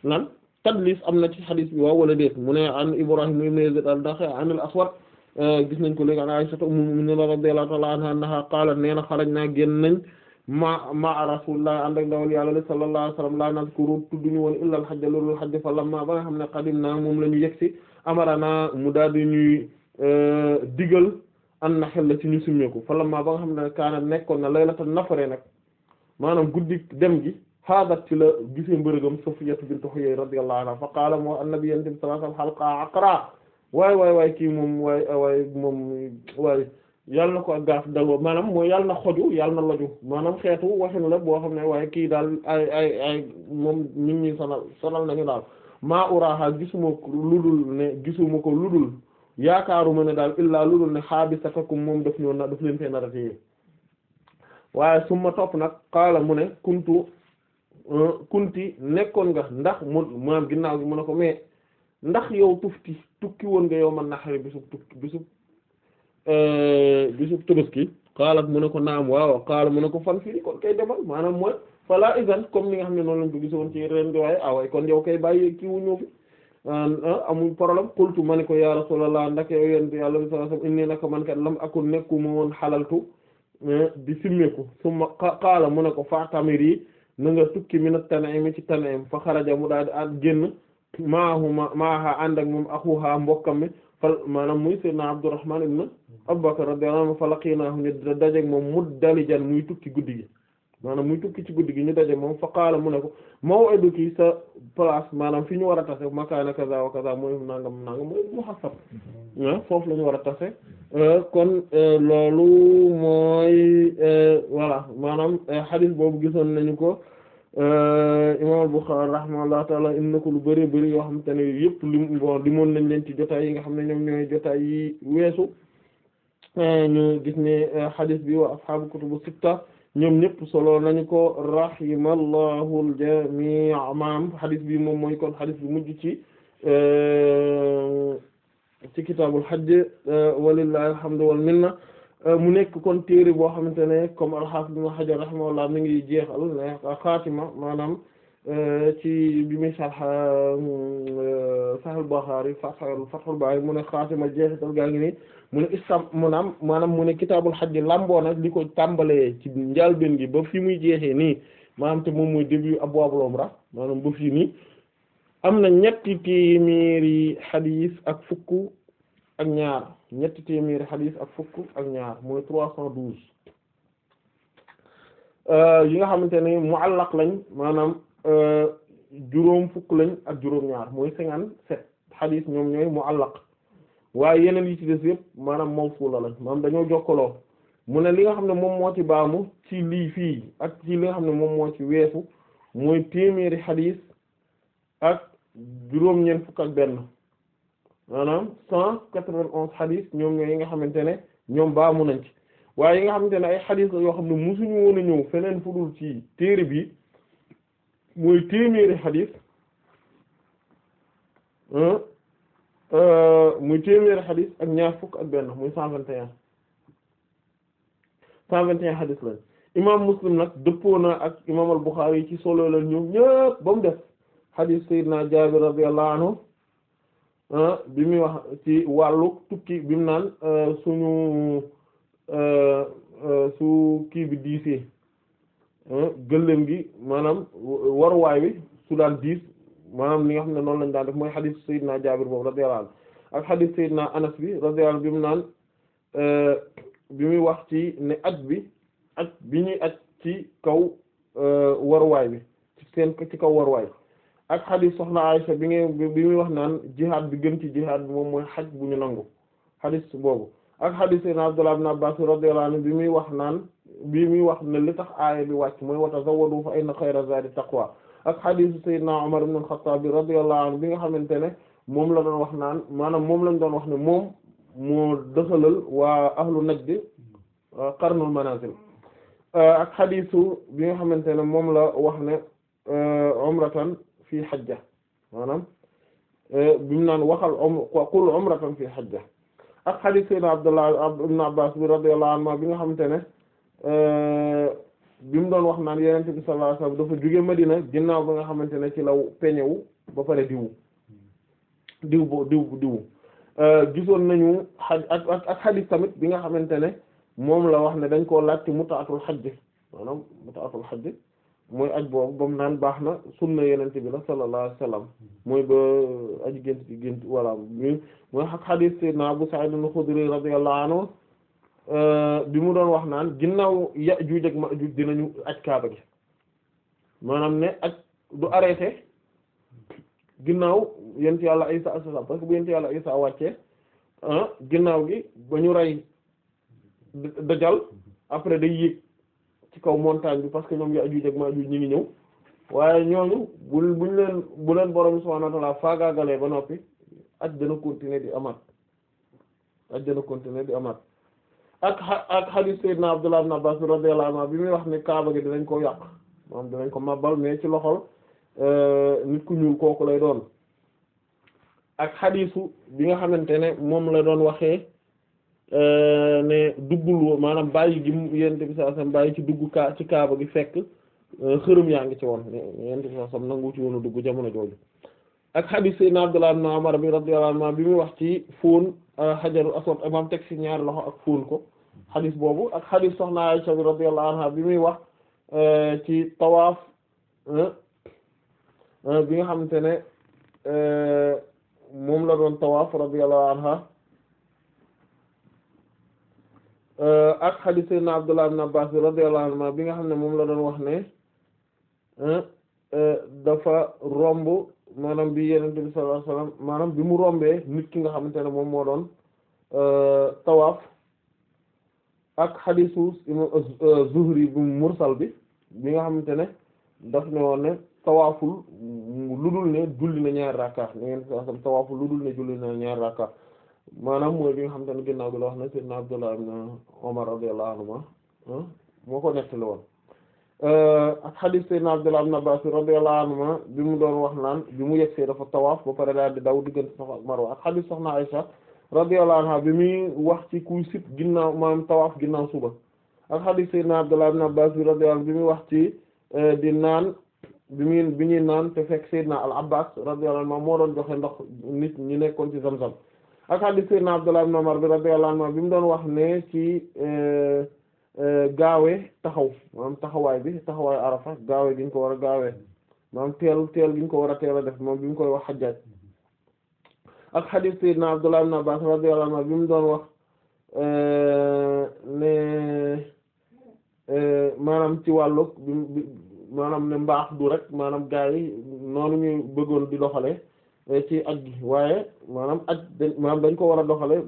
lan tadlis am na ci xadiis bi waaw wala déet mu ne an Ibraahiim ibn Yaziid an-Nakha'i an al-Aswad gis nañ ko léegi an Aisha ummul mu'minin radiyallahu ta'ala anha annaha qalat nee na xarajna nañ ma ma rasulullah ànd ak ndawal yàlla li sallallahu alayhi wasallam la nazkuru tudduñu woon illa al hajj lolul hajj fa lamma ba nga xam ne qadimna moom la ñu yegsi amarana mu daal di ñuy e, digal an na xel la ci ñu summeeku fa lamma ba nga xam ne kaana nekkoon na laylatan nafare nag maanaam guddi dem gi xaadat ci la gisee mbërëgam Safiyatu bint Huyay radiyallahu anha fa qaala moo annabi sallallahu alayhi wasallam halqa waay waaye waay kii moom waay waay moom waay yàlla na ko ak gaaf daloo maanaam moo yàlla na xoju yàlla na loju maanaam xeetu waxin la boo xam ne waaye kii daal ay moom nit ñi sonal sonal nañu daal maa uraaha gisuma ko ludul ne gisuma ko ludul yaakaaruma ne daal illaa ludul ne xaabisatakum moom daf ñoo na daf leen fee narate yi waaye suma topp nag xaala mu ne kuntu euh, kunti nekkoon nga ndax mu maam ginnaaw gi mu ne ko mais ndax yow tufti tukki woon nga yow man naxari bisub tukki bisub euh, bisub tabaski xaalat mu ne ko naam waaw xaala mu ne ko fan fii kon kay demal maanaam mooy fala isan comme ni nga xam ne noonu la ko gisoon ci ren di waaye away ah, kon yow kay bàyyi kii ah, ma ne ko ya rasulullah ndax yow yent yàlla bi sallallahu alayhi wasallam inni naka ma woon xalaltu eh, di simmeeku suma xaala mu ne ko fa tamir yi na nga tukki mi nag tanaim ci tanaim fa xaraja mu daal génn maahuma maaha ànd ak moom axuha mbokka mi fal maanaam muy sayyidna Abdurrahman ibn Abu Bakr radiyallahu anhu falaqinahu ñu dajeek moom muddalijan muy tukki guddi gi maanaam muy tukki ci guddi gi ñu daje moom fa mu ne ko maw'iduki sa place maanam fi ñu war a tase makaana kaza wa kaza mooy nangam nangam mooy lañu foofu war a tase euh, kon euh, loolu mooy euh, voilà maanaam hadith boobu gisoon nañu ko Euh, imam Bukhari rahimahullahu taala indi na ko lu bari bari yoo xamante ne yëpp lim bon limoon nañ leen ci jotaay yi nga xam na ñoom ñooy jotaay yi weesu euh, ñu gis ne hadith euh, bi wa ashaabu kutubu sitta ñoom ñëpp solo nañu ko rahimallahu al-jamii maam hadith bi moom mooy kon hadith bi mujj ci ci kitaabul hajj walillahi alhamdu wal minna Euh, mu nekk kon téere boo xamante ne comme al-Hafiz Ibn Hajar mi ngi jeexal xaatima euh, maanaam euh, ci bi muy sarx Sahih Bukhari Fathul Fathul Bari mu ne xaatima jeexital gaa ngi nii mu ne istam mu maanaam mu ne kitaabul hajj lamboo li ko tàmbalee ci njëlbéen gi ba fi muy jeexee nii maanaam te moom mooy début abwaabul umra maanaam ba fii nii am na ñetti téeméeri xadiis ak fukk ak ñaar. ñetti téeméeri xadis ak fukk ak ñaar mooy trois cent douze euh, yi nga xamante ne muallaq lañ maanaam euh, juróom fukk lañ ak juróom ñaar mooy cinquante sept xadis ñoom ñooy muallaq waaye yeneen yi ci des yëpp maanaam mawsuula lañ maanaam dañoo jokkaloo mu ne li nga xam ne moom moo ci baamu ci lii fii ak ci li nga xam ne moom moo ci weesu mooy téeméeri xadis ak juróom-ñeent fukk ak benn maanaam cent quatre-vingt-onze xadis ñoom yi nga xamante ne ñoom baamu nañ ci waaye yi nga xamante ne ay xadis la yoo xam ne musuñu woon a ñëw feneen fu dul ci téere bi muy téeméeri xadis euh, muy téeméeri xadis ak ñaar fukk ak benn muy cent vingt et un cent vingt et un xadis lañ imam Muslim nag dëppoo na ak imam al Bukhari ci solo la ñoom ñëpp ba mu def xadis Seydina Jaabir radiyallahu anhu Euh, bi muy wax ci wàllu tukki bi mu naan euh, suñu euh, su kii bi diisee gëléem gi maanaam waruwaay wi su daan diis maanaam li nga xam ne noonu lañ daan def mooy xadis Seydina Jaabir boobu radiyallahu anhu ak xadis naa Anas bi radiyallahu bi mu naan bi muy wax ci ne at bi at bi ñuy at ci kaw waruwaay bi seen ci kaw waruwaay ak xadis soxna Aysa bi nga bi muy wax naan jihaad bi gën ci jihaad bi moom mooy xaj bu ñu nangu xadis boobu ak xadis sayyidina Abdullah ibn Abbas radiyallahu anhu bi muy wax naan bi muy wax ne li tax aaya bi wàcc mooy wa tazawwadu fa inna xayra zaadi taqwa ak xadisu sayyidina Umar ibn al-Khattab radiyallahu bi nga xamante ne moom la doon wax naan maanaam moom lañ doon wax ne moom moo dëxalal waa ahlu Najd qarnul manazil ak xadisu bi nga xamante ne moom la wax ne euh, umratan fii xaj ja maanaam bi euh, mu naan waxal umra qul umratan fii xajja ak xadiis sayyidina Abdullah ibn Abbas bi radiyallahu anhu bi nga xamante ne euh, bi mu doon wax naan yonent bi sallallahu alayhi wasallam dafa jóge Madina ginnaaw ba nga xamante ne ci law peñewu ba pare diwu diw bo diw diwu euh, nañu xaj ak ak tamit bi nga xamante ne moom la wax ne dañ koo laaj ci mutaatul xajj maanaam mutaatul xajj mooy aj boobu ba mu naan baax na sunna yenente bi la sallallahu alayhi wasallam mooy ba aj gént gi gént voilà mi euh, mu doon wax naan ginnaaw Ya'juuj ak Ma'juuj dinañu aj kaaba gi maanaam ne aj du arrêté ginnaaw yent yàlla Isa saa parce que bu yent yàlla Isa wàccee ah, ginnaaw gi ba ñu rey dajal après day yéeg ci kaw montagne bi parce que ñoom Yaajuuj ak Maajuuj ñu ngi ñëw waaye ñooñu bu ñu leen bu leen borom subhaanahu wa ta'aala faagaagalee ba noppi aj dana continuer di amaat aj dana continuer di amaat ak ak bi muy wax ne Kaaba gi dinañ koo yàq moom dinañ ko mabal mais ci loxol euh, nit ku ñuul kooku lay doon ak hadithu bi nga xamante ne moom la doon waxee. Euh, ne duggul maanaam bàyyi gi yonent bi sallallahu alayhi wasallam bàyyi ci dugg kaa ci kaaba gi fekk euh, xërëm yaa ngi ci woon yonent bi sallallahu alayhi wasallam nangu ci woon a jamono jooju ak hadith sayyidina Abdullah ibn Umar bi radiyallahu anhu bi muy wax ci fóon xajarul euh, aswad ak maam teg ci ñaari loxo ak fóon ko hadith boobu ak hadith soxna Aisha bi radiyallahu anha bi muy wax ci tawaaf bi nga xamante ne moom la doon tawaaf radiyallahu anha Euh, ak xadiis sayyidina Abdullah ibn Abbas bi radiyallahu anhuma bi nga xam ne moom la doon wax ne euh, euh, dafa romb maanaam bi yenente bi sallallahu alayhi wasallam maanaam bi mu rombee nit ki nga xamante ne moom moo doon tawaaf ak xadiisu imam bu mursal bi bi nga xamante ne daf ne woon ne tawaaful lu dul ne julli na ñaari rakka yenente bi sallallahu alayhi wasallam tawaaful lu dul ne julli na ñaari rakka maanaam mooy bi nga xamante ne ginnaaw bi la wax na sayyidna Abdullah ibn Umar radiyallahu anhuma ah, moo ko nettali woon euh, ak hadith sayyidna Abdullah ibn Abbas radiyallahu anhuma bi mu doon wax naan bi mu yegsee dafa tawaaf ba pare daal di daw diggante Safa ak Marwa ak hadith soxna Aisha radiyallahu anha bi muy wax ci kuy sib ginnaaw maanaam tawaaf ginnaaw suba ak hadith sayyidna Abdullah ibn Abbas bi radiyallahu anhu bi muy wax ci euh, di naan bi muy bi ñuy naan te fekk sayyidna al Abbas radiyallahu anhu moo doon joxe ndox nit ñi nekkoon ci Zamzam ak hadith sayyidina Abdullah ibn Umar bi radiyallahu anhu bi mu doon wax ne ci eh, eh, gaawe taxaw maanaam taxawaay bi taxawaay Arafa gaawe gi ñu ko war a gaawee maanaam teel teel gi ñu ko war a teel a def moom bi mu koy wax Hajjaj ak hadith sayyidina Abdullah ibn Abbas radiyallahu anhu bi mu doon wax eh, ne maanaam ci wàllu maanaam ne mbaax du rek maanaam gaa yi noonu ñuy bëggoon di doxalee Eh, ci ak gi waaye maanaam aj maam dañ ko war a doxale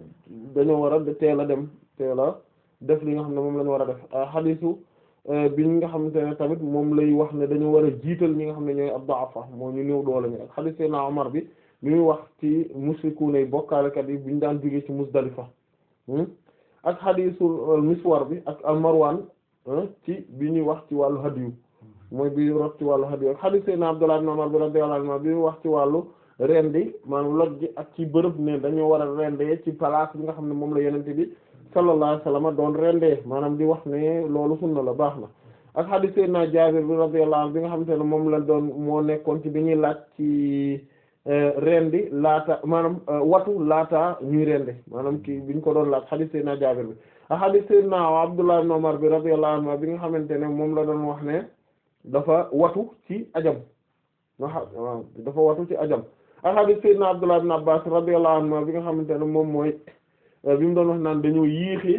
dañoo war a teel a dem teel a def li nga xam ne moom lañu war a def xadiisu eh, eh, bi nga xamante ne tamit moom lay wax ne dañu war a jiital ñi nga xam ne ñooy ad-du'afa moo ñu néew doole ñu rek xadiis Seydina Umar bi li muy wax ci musrikuuna yi bokkaalekat yi bi ñu daan jógee ci Muzdalifa hmm? ak xadiisul miswar bi ak al-Marwaan ci bi ñuy wax ci wàllu hadiyu mooy bi rot ci wàllu hadiyu ak xadiis Seydina Abdullah ibn Umar bi radiyallahu anhu wax ci wàllu rendi maanaam lojj ak ci bërëb ne dañoo war a ci place bi nga xam ne moom la yenente bi sallallahu alayhi wasallam doon rendee maanaam di wax ne loolu sunna la baax na ak hadith sayyidina Jaabir bi radiyallahu bi nga xamante ne moom la doon moo nekkoon ci bi ñuy laaj ci euh, rendi laata maanaam euh, watu laata ñuy rendi maanaam kii bi ko doon laaj hadith sayyidina Jaabir bi ak hadith sayyidina bi radiyallahu anhu bi nga xamante ne moom la doon wax ne dafa watu ci ajam dafa watu ci ajam ak hadith sayyidina Abdullah ibn Abbas bi nga xamante ne moom mooy euh, bi mu doon wax naan dañoo yéexi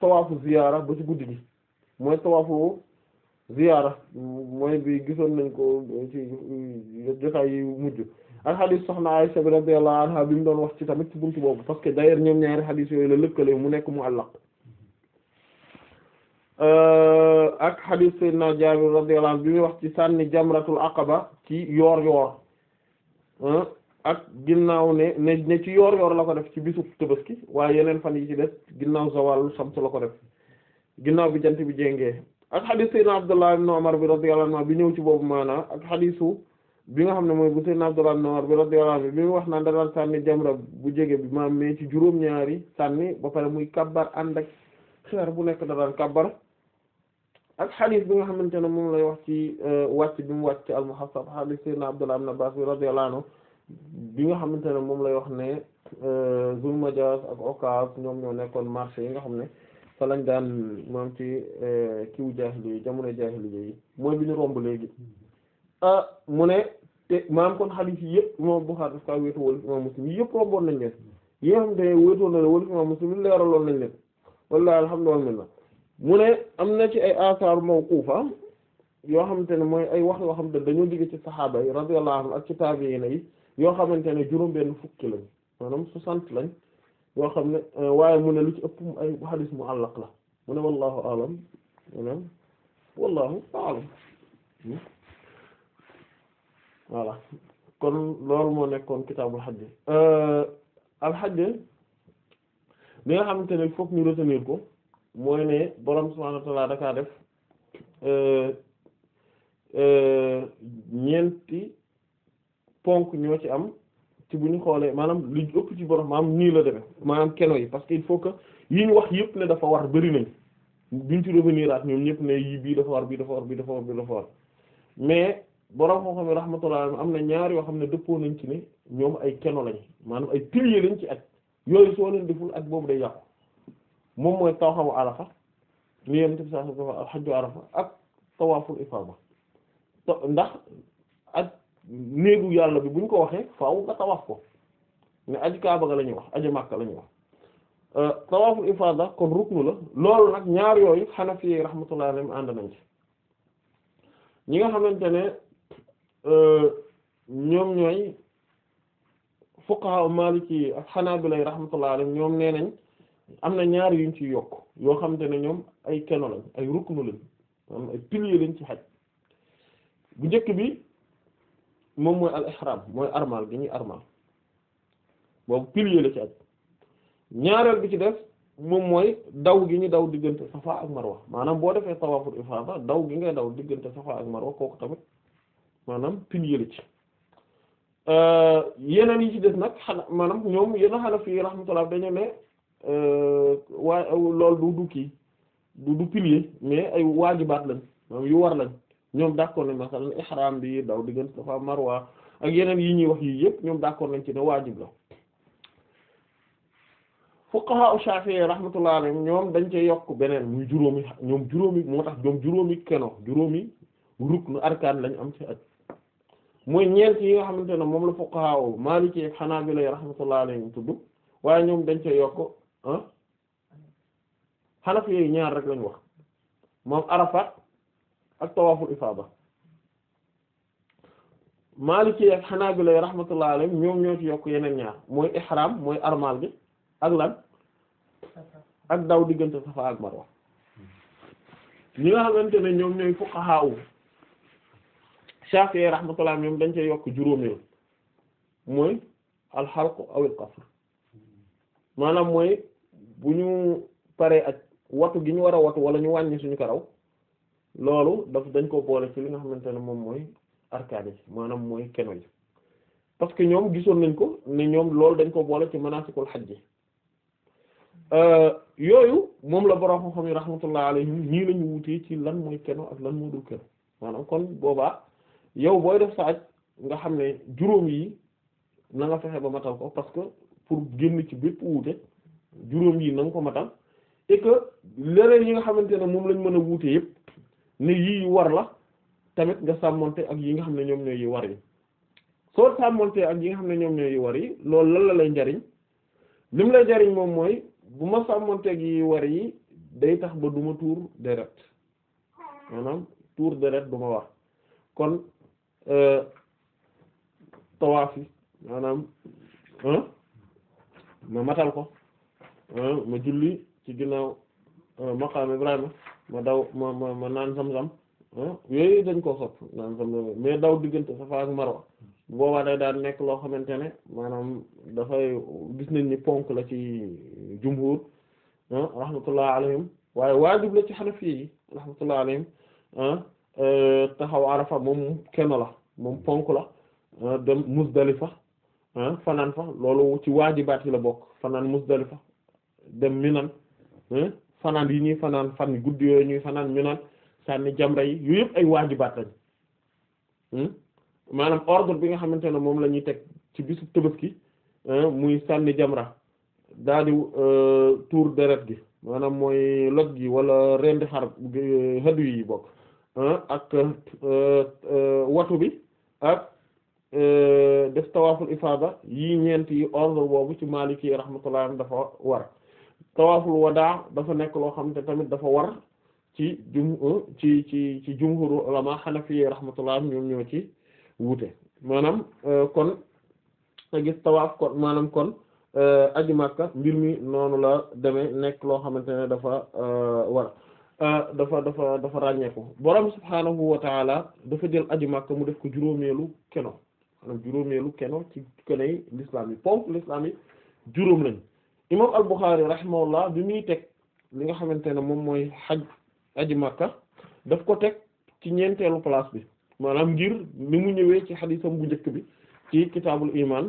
tawaafu ziyaara ba ci guddi gi mooy tawaafu ziyaara mooy bi gisoon nañ ko ci jotaay yi mujj ak hadith soxna Aysa bi radiyallahu anha bi mu doon wax ci tamit ci bunt boobu parce que d'ailleurs ñoom ñaari hadith yooyu la lëkkale mu nekk mu àllaq euh, ak hadith sayyidina Jaabir radiyallahu anhu bi muy wax ci sànni jamratul aqaba ci yoor yoor Euh, ak ginnaaw ne ne ne ci yoor yoor la ko def ci bisu ki waaye yeneen fan yi ci def ginnaaw zawal shams la ko def ginnaaw bi jant bi jéngee ak xadis sayyidina Abdullah ibn Umar bi radiyallahu anhu bi ñëw ci boobu maanaam ak xadisu bi nga xam ne mooy bu sayyidina na ibn Umar bi radiyallahu anhu bi mu wax naa dadaan sànni jamra bu jege bi maam mais ci juróom-ñaari sànni ba pare muy kabbar ànd rek xeer bu nekk dadaan kabbar ak xadis bi nga xamante ne moom lay wax ci euh, wàcc bi mu wàcc al-Muhassab xadis sayyidina Abdullah ibn Abbas bi bi nga xamante ne moom lay wax ne euh, Zul Majaz ak Okaz ñoom ñoo nekkoon marché yi nga xam ne fa lañ daan moom ci euh, kiw jaahiliya yi jamono jaahiliya yi mooy bi ñu romb léegi ah, mu ne te maam kon xadis yi yëpp imam Bukhari daf ka wéetu wala imam Muslim yi yëpp romboon nañ leen yi nga xamante ne wéetoon na wala imam Muslim leeraloon mu ne am na ci ay asar mawqufa yoo xamante ne mooy ay wax yoo xamante ne dañoo digg ci saxaaba yi radiyallahu anhum ak ci taabi'iin yi yoo xamante ne juróom-benn fukki lañ maanaam soixante lañ yoo xam ne euh, waaye mu ne lu ci ëpp ay hadis mu'allaq la mu ne wallahu a'lam mu ne wallahu a'lam voilà loolu moo nekkoon kitaabul hajj al hajj li xamante ne fokk ñu retenir ko. mooy ne borom subhaanahu wa ta'aala dakaa def euh, euh, ñeenti ponk ñoo ci am ci bu ñu xoolee maanaam lu ëpp ci borom maanaam nii la demee maanaam keno yi parce que il faut que yi wax yëpp ne dafa war bëri nañ buñ ci revenir at ñoom ñëpp ne yii bii dafa war bii dafa war bii dafa war bii dafa war mais borom moo xam ne rahmatullah am na ñaari yoo xam ne dëppoo nañ ci ne ñoom ay keno lañ maanaam ay piliers lañ ci ak yooyu soo leen deful ak boobu day yàqu moom mooy tawxabu arafa li yonent bi sallallahu alayhi wasallam xajju ak tawaaful ifaada ndax ak néegu yàlla bi buñ ko waxee faw nga tawaaf ko mais aji kaaba ga la ñuy wax aji makka la ñuy wax euh, tawaaful ifaada kon ruknu la loolu nag ñaar yooyu xanafi yi rahmatullahi alayhim ànd nañ ci ñi nga xamante ne euh, ñoom ñooy fuqaha maliki ak lay rahmatullahi alayhim ñoom nee nañ am na ñaar yuñ ci yokk yoo xamante ne ñoom ay keno lañ ay ruknu lañ am ay piliers lañ ci xaj bu njëkk bi moom mooy al mooy armal gi ñuy armal boobu pilier la ci aj ñaareel bi ci def moom mooy daw gi ñu daw diggante safa ak marwa maanaam boo defee tawaaful ifaada daw gi ngay daw diggante safa ak marwa kooku tamit maanaam pilier la ci euh, yeneen yi ci des nag xanaa maanaam ñoom yenn xanafi rahmatullah dañu ne lool euh, euh, loolu du du kii du du pilier mais ay waajibaat lañ moom yu war lañ ñoom d'accord nañ masalan ihram bi daw diggante Safa Marwa ak yeneen yi ñuy wax yii yëpp ñoom d'accord nañ ci ne waajib la fuqaha Shafi'i rahmatullah alayhim ñoom dañ cee yokk beneen muy juróomi ñoom juróomi moo tax ñoom juróomi keno juróomi rukn arkaan lañ am ci at mooy ñeent yi nga xamante ne moom la fuqaha Maliki ak Hanabila rahmatullah alayhim tudd waaye ñoom dañ cee yokk ah xanafi yooyu ñaar rek lañ wax moom Arafat ak tawaaful ifaada Maliki ak Hanabila rahmatullahi alayhim ñoom ñoo ci yokk yeneen ñaar mooy ihram mooy armal bi ak lan ak daw diggante Safa ak Marwa ñi nga xamante ne ñoom ñooy fuqaha u Shafi'i rahmatullah ñoom dañ cee yokk juróom yoon mooy al halq aw maanaam mooy bu ñu paree ak watu gi ñu war a watu wala ñu wàññi suñu karaw loolu daf dañ ko boole ci li nga xamante ne moom mooy arcade yi maanaam mooy keno yi parce que ñoom gisoon nañ ko ne ñoom loolu dañ ko boole ci manasikul xaj ji euh, yooyu moom la borom xam-xam yi rahmatullah alayhim ñii lañu wutee ci lan mooy keno ak lan moo dul keno maanaam kon boobaa yow booy def sa aj nga xam ne juróom yi na nga fexe ba matal ko parce que pour génn ci bépp wuute juróom yi na nga ko matal et leneen yi nga xamante ne moom lañ mën a wuute yëpp ne yi war la tamit nga sàmmonte ak yi nga xam ne ñoom ñooy yi war yi soo sàmmonte ak yi nga xam ne ñoom war yi loolu lan la lay njariñ lim lay jariñ moom mooy bu ma sàmmonte ak yi war yi day tax ba duma tuur deret maanaam tuur deret du ma wax kon euh, tawaaf maanaam ma matal ko Ah, ma julli ci ginnaaw ah, maqaam Ibrahima ma daw ma ma naan sam-sam ah, yooyu dañ koo sopp mais daw diggante Safa ak Marwa boobaa day daan nekk loo xamante ne maanaam dafay gis nañ ni ponk la ci jumhur rahmatullah alayhim waaye waajib la ci Hanafi yi rahmatullah alayhim eh, taxaw Arafa moom kenn la moom ponk la dem Muzdalifa fanaan fa loolu ci waajibaat yi la bokk fanaan Muzdalifa dem Minan fanaan yi ñuy fanaan fan guddi yooyu ñuy fanaan Minan sànni jamra yi yooyu yëpp ay waajibaat lañ maanaam ordre bi nga xamante ne moom la ñuy teg ci bisu Tabaski muy sànni jamra daal euh, tour deret gi maanaam mooy loj gi wala rendi xar hadu yi bokk ak euh, euh, watu bi ak def tawaaful ifaada yi ñeent yi ordre boobu ci Maliki rahmatullah dafa war tawaaful wadaa dafa nekk loo xam te tamit dafa war ci jum ci ci ci jumhuru ulama hanafi rahmatullah ñoom ñoo ci wuute maanaam euh, kon gis maanaam kon euh, aji Makka mbir mi noonu la deme nekk loo xamante ne dafa euh, war dafa dafa dafa ràññeeku borom subhaanahu wa dafa jël aji Makka mu def ko juróomeelu keno maanaam juróomeelu keno ci keney l'islam yi ponk l'islam yi juróom lañ imam al-Bukhari rahimahullah bi muy teg li nga xamante ne moom mooy xaj aji Makka daf ko teg ci ñeenteelu place bi maanaam ngir ni mu ñëwee ci xadisam bu njëkk bi ci kitaabul iman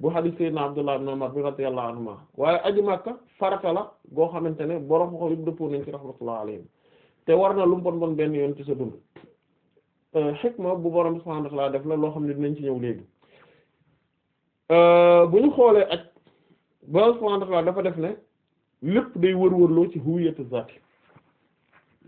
bu xadis sayyidina Abdullah ibn Umar bi radiyallahu anhuma waaye aji Makka farata la goo xamante ne borom ko yëpp dëppoo nañ ci rahmatullah alayhim te war na lu mu bon bon benn yoon ci sa dund euh, xikma bu borom subhanahu laa def la loo xam ne dinañ ci ñëw léegi euh, bu ñu xoolee ak borom subhanahu wa dafa def ne lépp day wër-wërloo ci huwiyatu zati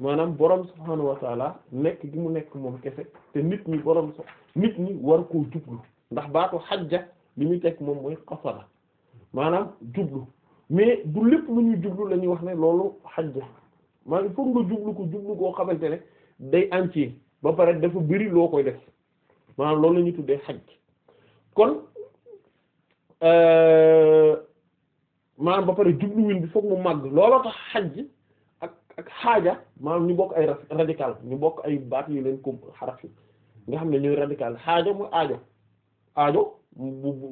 maanaam borom subhanahu wa ta'ala nekk gi mu nekk moom kese te nit ñi borom nit ñi war koo jublu ndax baatu xajja li muy teg moom mooy xasada maanaam jublu mais du lépp lu ñuy jublu la ñuy wax ne loolu xajja maanaam foog nga jublu ko jublu koo xamante ne day entier ba pare dafa bëri loo koy def maanaam loolu la ñuy tuddee xaj kon. Euh, maanaam ba pare jubluwin bi foog mu màgg looloo tax xaj ak ak xaaja maanaam ñu bokk ay radical ñu bokk ay baat yu leen ko xaraf yi nga xam ne ñooy radical xaaja mu aajo aajo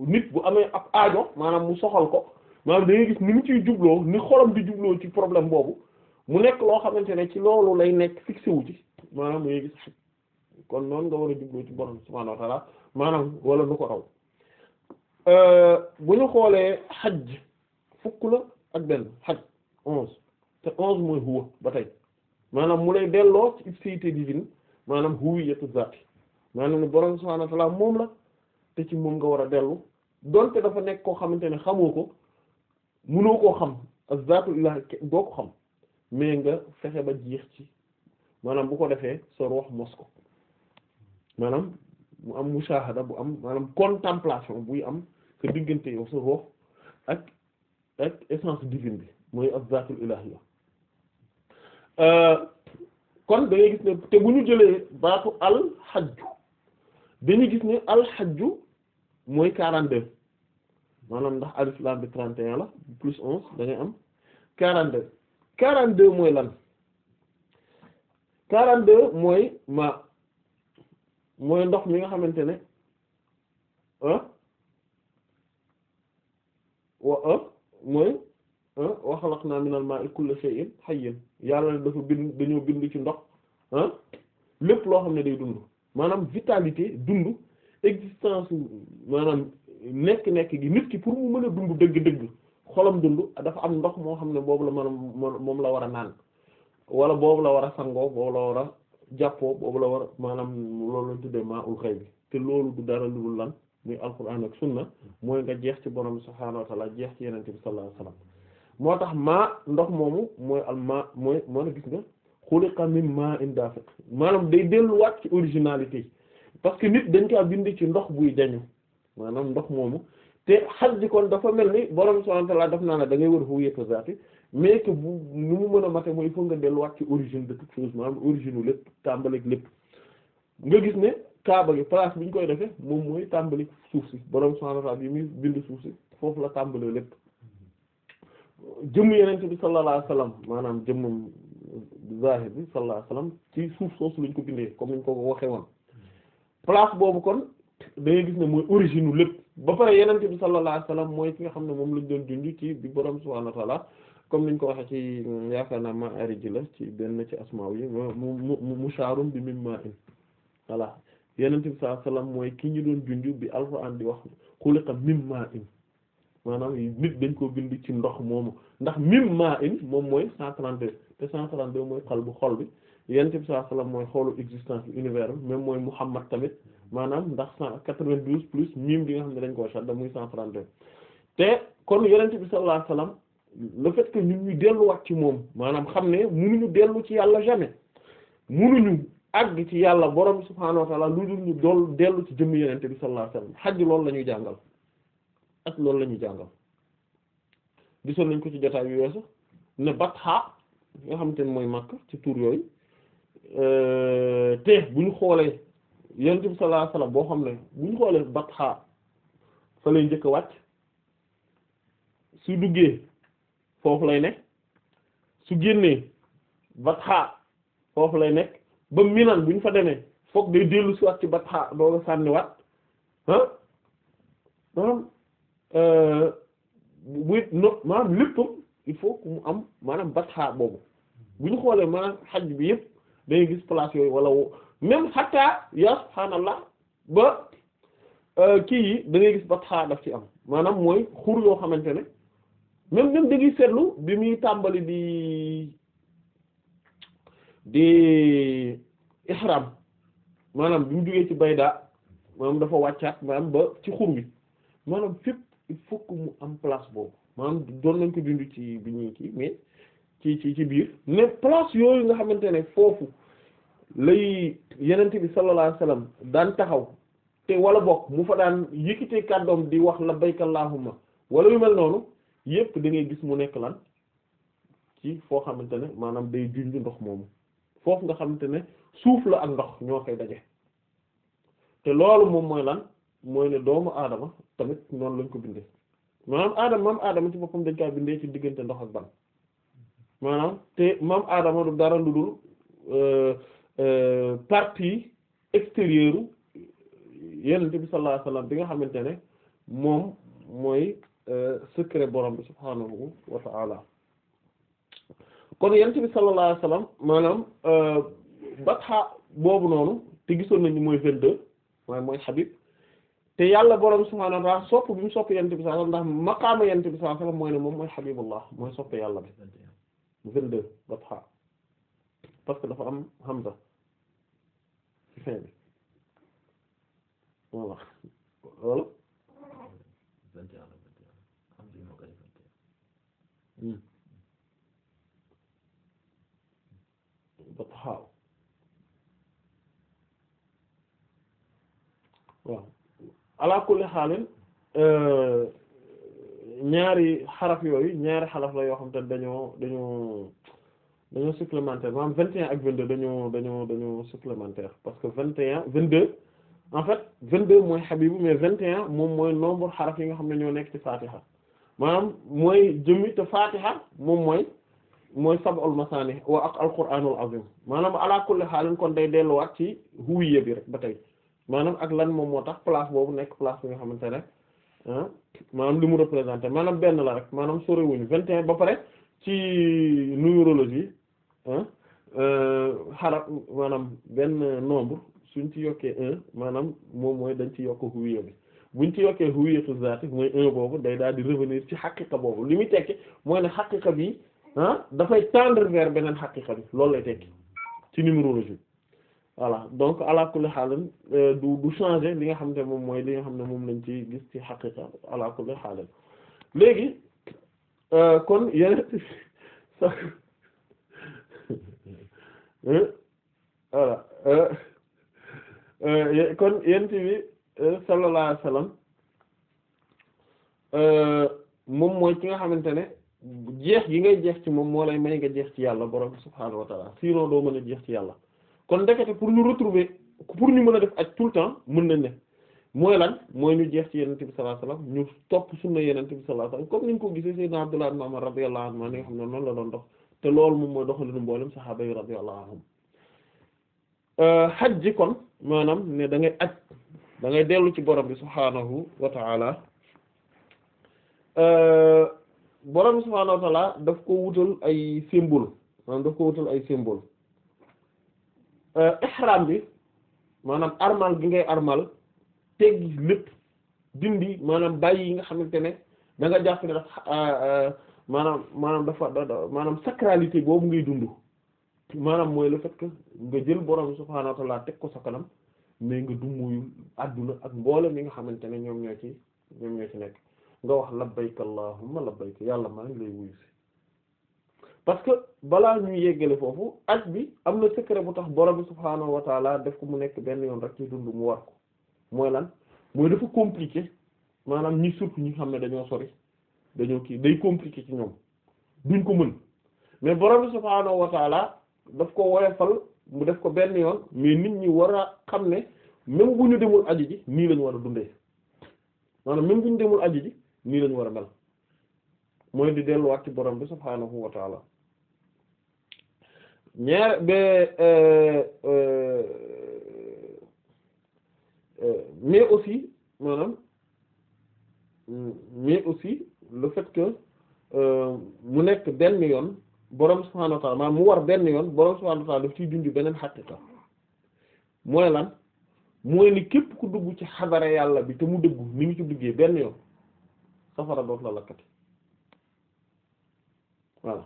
nit bu amee ab aajo maanaam mu soxal ko maanaam da gis ni mu ciy jubloo ni xolam di jubloo ci problème boobu mu nekk loo xamante ne ci loolu lay nekk fixé wu ci maanaam da ngay gis kon noonu nga war a jubloo ci borom subhaanahu wa ta'aala maanaam wala nu ko raw euh, bu ñu xoolee xaj. fukk la ak benn xaj onze te onze mooy huwa ba tey maanaam mu lay delloo ci ubbséité divine maanaam huwiyatu zaati maanaam ne borom subhaanahu wa ta'aala moom la te ci moom nga war a dellu donte dafa nekk koo xamante ne xamoo ko mënoo koo xam ak zaatu ilaahi doo ko xam mais nga fexe ba jeex ci maanaam bu ko defee sa ruux mos ko maanaam mu am mushahada bu am maanaam contemplation buy am sa diggante yow sa ruux ak ak essence divine bi mooy az-zaatul ilaahiyya euh, kon da gis ne te bu ñu jëlee baatu al-hajju gis ne al-hajju mooy 42 maanaam ndax alif laam bi 31 la plus 11 da ngay am 42 42 mooy lan 42 mooy ma mooy ndox mi nga xamante ne ah wa ah, mooy ah, wa xalaqnaa minal maa'i kulla shay'in hayyin yàlla ne dafa bind dañoo bind ci ndox ah lépp loo xam ne day dund maanaam vitalité dund existence maanaam nekk-nekk gi nit ki pour mu mën a dund dëgg-dëgg xolam dund dafa am ndox moo xam ne boobu la mën a moom la war a naan wala boobu la war a sangoo boobu la war a jàppoo boobu la war maanaam loolu lañ tuddee maa ul xëy bi te loolu du dara lu dul lan muy alquran ak sunna mooy nga jeex ci borom subhaanahu wa ta'ala jeex ci yenente bi sallallahu alayhi wasallam moo tax maa ndox moomu mooy al ma mooy moo na gis nga xuliqa min ma'in dafiq maanaam day delluwaat ci originalité parce que nit dañ kaa bind ci ndox buy dañu maanaam ndox moomu te xaj ji dafa mel ni borom subhaanahu wa ta'ala daf naa ne da ngay war huwiyatu zaati mais que bu nu mu mën a mate mooy il nga delluwaat ci origine de toute chose maanaam origine u lépp tàmbaleeg lépp nga gis ne kaaba gi place bi ñu koy defee moom mooy tàmbali suuf si borom subhaanahu wa ta'aala yi muy bind suuf si foofu la tàmbalee lépp jëmm yeneen bi sallallahu alayhi wa sallam maanaam jëmmam zaahir bi sallallahu alayhi ci suuf soosu lañ ko bindee comme ni ñu waxee woon place boobu kon da ngay gis ne mooy lépp ba pare yeneen bi sallallahu alayhi wa mooy ki nga xam ne moom lañ doon dund ci borom subhaanahu wa ta'aala comme niñ ko waxee ci yaakaar naa ma ci benn ci asmaaw yi mu mu mu mushaarum bi mimma in voilà yonent bi sallallahu alayhi mooy kii ñu doon junj bi alxuraan di wax xuliqa mim ma'in maanaam nit dañ koo bind ci ndox moomu ndax mim ma'in moom mooy 132 te 132 mooy xal bu xol bi yonent bi sallallahu alayhi mooy xoolu existence bi univers bi même mooy Muhammad tamit maanaam ndax 192 plus mim bi nga xam ne dañ koo shadda muy 132 te kon yonent bi sallallahu alayhi wasallam le fait que ñun ñu delluwaat ci moom maanaam xam ne munuñu dellu ci yàlla jamais munuñu àgg ci yàlla borom subhaanahu wa lu dul ñu dellu ci jëmm yenente bi sallallahu alayhi wasallam xaj loolu la ñuy jàngal ak loolu la ñuy jàngal gisoon nañ ko ci jotaay bi weesu ne Batha nga xam te ne mooy Makka ci tur yooyu euh, te bu ñu xoolee yenente bi sallallahu alayhi wasallam boo xam ne bu ñu xoolee Batha fa lay njëkk a wàcc su duggee foofu lay nekk su génnee Batha foofu lay nekk ba minan bu ñu fa demee foog day dellu si waat ci bat xaa dooga sànniwaat ah maanaam euh, bu no maanaam léppam il faut que mu am maanaam bat boobu bu ñu xoolee maanaam xaj bi yépp dañuy gis place yooyu wala wo même xataa yaa subhaanallah ba euh, kii yi da gis bat xaa daf ci am maanaam mooy xur yoo xamante ne même même da ngay seetlu bi muy tàmbali di di ihram maanaam bi mu jógee ci bayda maanaam dafa wàccaat maanaam ba ci xur bi maanaam fépp il mu am place boobu maanaam doon nañ ko dindi ci bi ñuy kii mais ci ci ci biir mais place yooyu nga xamante ne foofu lay yenente bi sallallahu alayhi daan taxaw te walla bokk mu fa daan yëkkatee kàddoom di wax labbayka allahumma wala yu mel noonu yépp da ngay gis mu nekk lan ci foo xamante ne maanaam day junj ndox moomu foofu nga xamante ne suuf la ak ndox ñoo koy daje te loolu moom mooy lan mooy ne doomu aadama tamit noonu lañ ko bindee maanaam aadama maam aadama ci boppam dañ kaa bindee ci diggante ndox ak ban maanaam te maam aadama du dara lu dul euh, euh, partie extérieure yenente bi sallallahu alayhi bi nga xamante ne moom mooy euh, secret borom bi subhaanahu wa kon yenente bi sallallahu alayhi maanaam batha boobu noonu te gisoon nañu mooy vingt-deux waaye mooy Habib te yàlla borom subhaanahu wa ta'aala sopp bi mu sopp yent bi sallallahu alayhi wa sallam ndax mooy ne moom mooy Habibullah mooy sopp yàlla bi vingt-deux batha parce que dafa am Hamza ci fin bi ala kulli xaalin euh, ñaari xaraf yooyu ñaari xaraf la yoo xam te dañoo dañoo dañoo supplémentaire maanaam vingt et un ak vingt-deux dañoo dañoo dañoo supplémentaire parce que vingt et vingt-deux en fait vingt-deux mooy xabibu mais vingt et un moom mooy nombre xaraf yi nga xam ne ñoo nekk ci Fatiha maanaam mooy jëmmi te Fatiha moom mooy mooy sab'ul masaani wa ak al qur'anul azim maanaam ala kulli xaalin kon day delluwaat ci huwiya bi rek ba tey maanaam ak lan moom moo tax place boobu nekk place bi nga xamante ne ah, maanaam li mu représenté maanaam benn la rek maanaam sorewuñu vingt et un ba pare ci numérologie ah, euh, xarab maanaam benn nombre suñ ci yokkee maanaam moom mooy dañ ci yokk huwiya bi buñ ci yokkee huwiyatu zaati mooy boobu day daal di revenir ci xaqiqa boobu li muy tekki mooy ne xaqiqa bi ah, dafay tendre vers beneen xaqiqa bi loolu lay tekki ci numérologie voilà donc ala kulli xaalan euh, du du changer li nga xam ne moom mooy li nga xam ne moom lañ ci gis ci xaqiqa ala kulli léegi euh, kon yeneen sax voilà euh, bi sallallahu alayhi moom mooy ki nga xamante ne jeex yi ngay jeex ci moom moo lay may nga jeex ci yàlla borom subhaanahu wa ta'ala doo mën a jeex ci yàlla kon ndekete pour ñu retrouver pour ñu mën a def aj tout le temps mun nañ ne mooy lan mooy ñu jeex ci yenente bi sallallahu alayhi ñu topp sunna yenente bi sallallahu alayhi comme niñ ko gisee sayyidina Abdullah ibn Umar radiyallahu anhu ni nga xam ne noonu la doon dox te loolu moom mooy doxalinu mboolem saxaaba yi radiyallahu xaj euh, ji kon maanaam ne dangay ngay aj da ngay dellu ci borom bi subhaanahu wa ta'ala euh, borom bi subhaanahu wa daf ko wutal ay symbole daf ko wutal ay symbole Euh, ihram bi maanaam armal gi ngay armal teggi lépp dindi maanaam bàyyi yi nga xamante ne da nga jàpp ne euh, euh, maanaam maanaam dafa maanaam sacralité boobu ngay dund maanaam mooy la fekk que nga jël borom subhaanahu wa teg ko sa kanam mais nga dumuyul adduna ak mboolem yi nga xamante ne ñoom ñoo ci ñoom ñoo ci nekk nga wax labbayka allahumma labbayka yàlla maa lay wuyu si parce que balaa ñuy yeggale foofu aj bi am na secret bu tax borom bi subhaanahu wa def ko mu nekk benn yoon rek ci dund mu war ko mooy lan mooy dafa compliqué maanaam ñi surtout ñi xam ne dañoo sori dañoo kii day compliqué ci ñoom duñ ko mën mais borom bi subhaanahu wa taala daf ko woyofal mu def ko benn yoon mais nit ñi war a xam ne même bu ñu demul aji ji nii lañu war a dundee maanaam même bu ñu demul aji ji nii lañu war a mel mooy di delluwaat ci borom bi subhaanahu wa ñaar ba e, mais e, e, aussi maanaam mais aussi le fait que mu nekk benn yoon borom subhaanahu wa ta'aala maanaam mu war benn yoon borom subhaanahu wa ta'aala daf ciy junj beneen xaqiqa mooy lan mooy ni képp ku dugg ci xadara yàlla bi te mu dëggu ni ngi ci duggee benn yoon safara dootu la lakkati voilà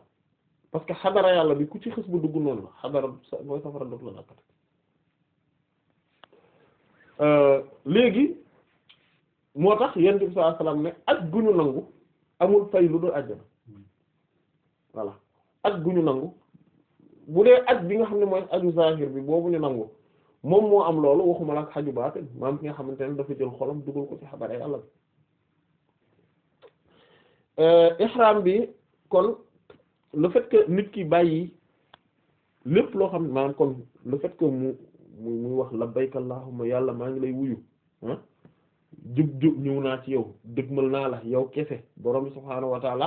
parce que xadara yàlla bi ku ci xës bu dugg noonu la xadara mooy safara dootu la nàkkat euh, léegi moo tax yonent bi sallallahu ne ak gu ñu nangu amul fay lu dul àjjana voilà ak gu ñu nangu bu dee aj bi nga xam ne mooy aju zahir bi boobu ñu nangu moom moo am loolu waxuma la ak xaju baatin maam ki nga xamante ne dafa jël xolam dugal ko ci xadara yàlla bi euh, ihram bi kon le fait nit ki bàyyi lépp loo xam ne maanaam kon le fait que mu mu muy wax labbayka allahumma yàlla maa ngi lay wuyu ah jub-jub ñëw naa ci yow dëgmal naa la yow kese borom bi subhaanahu wa taala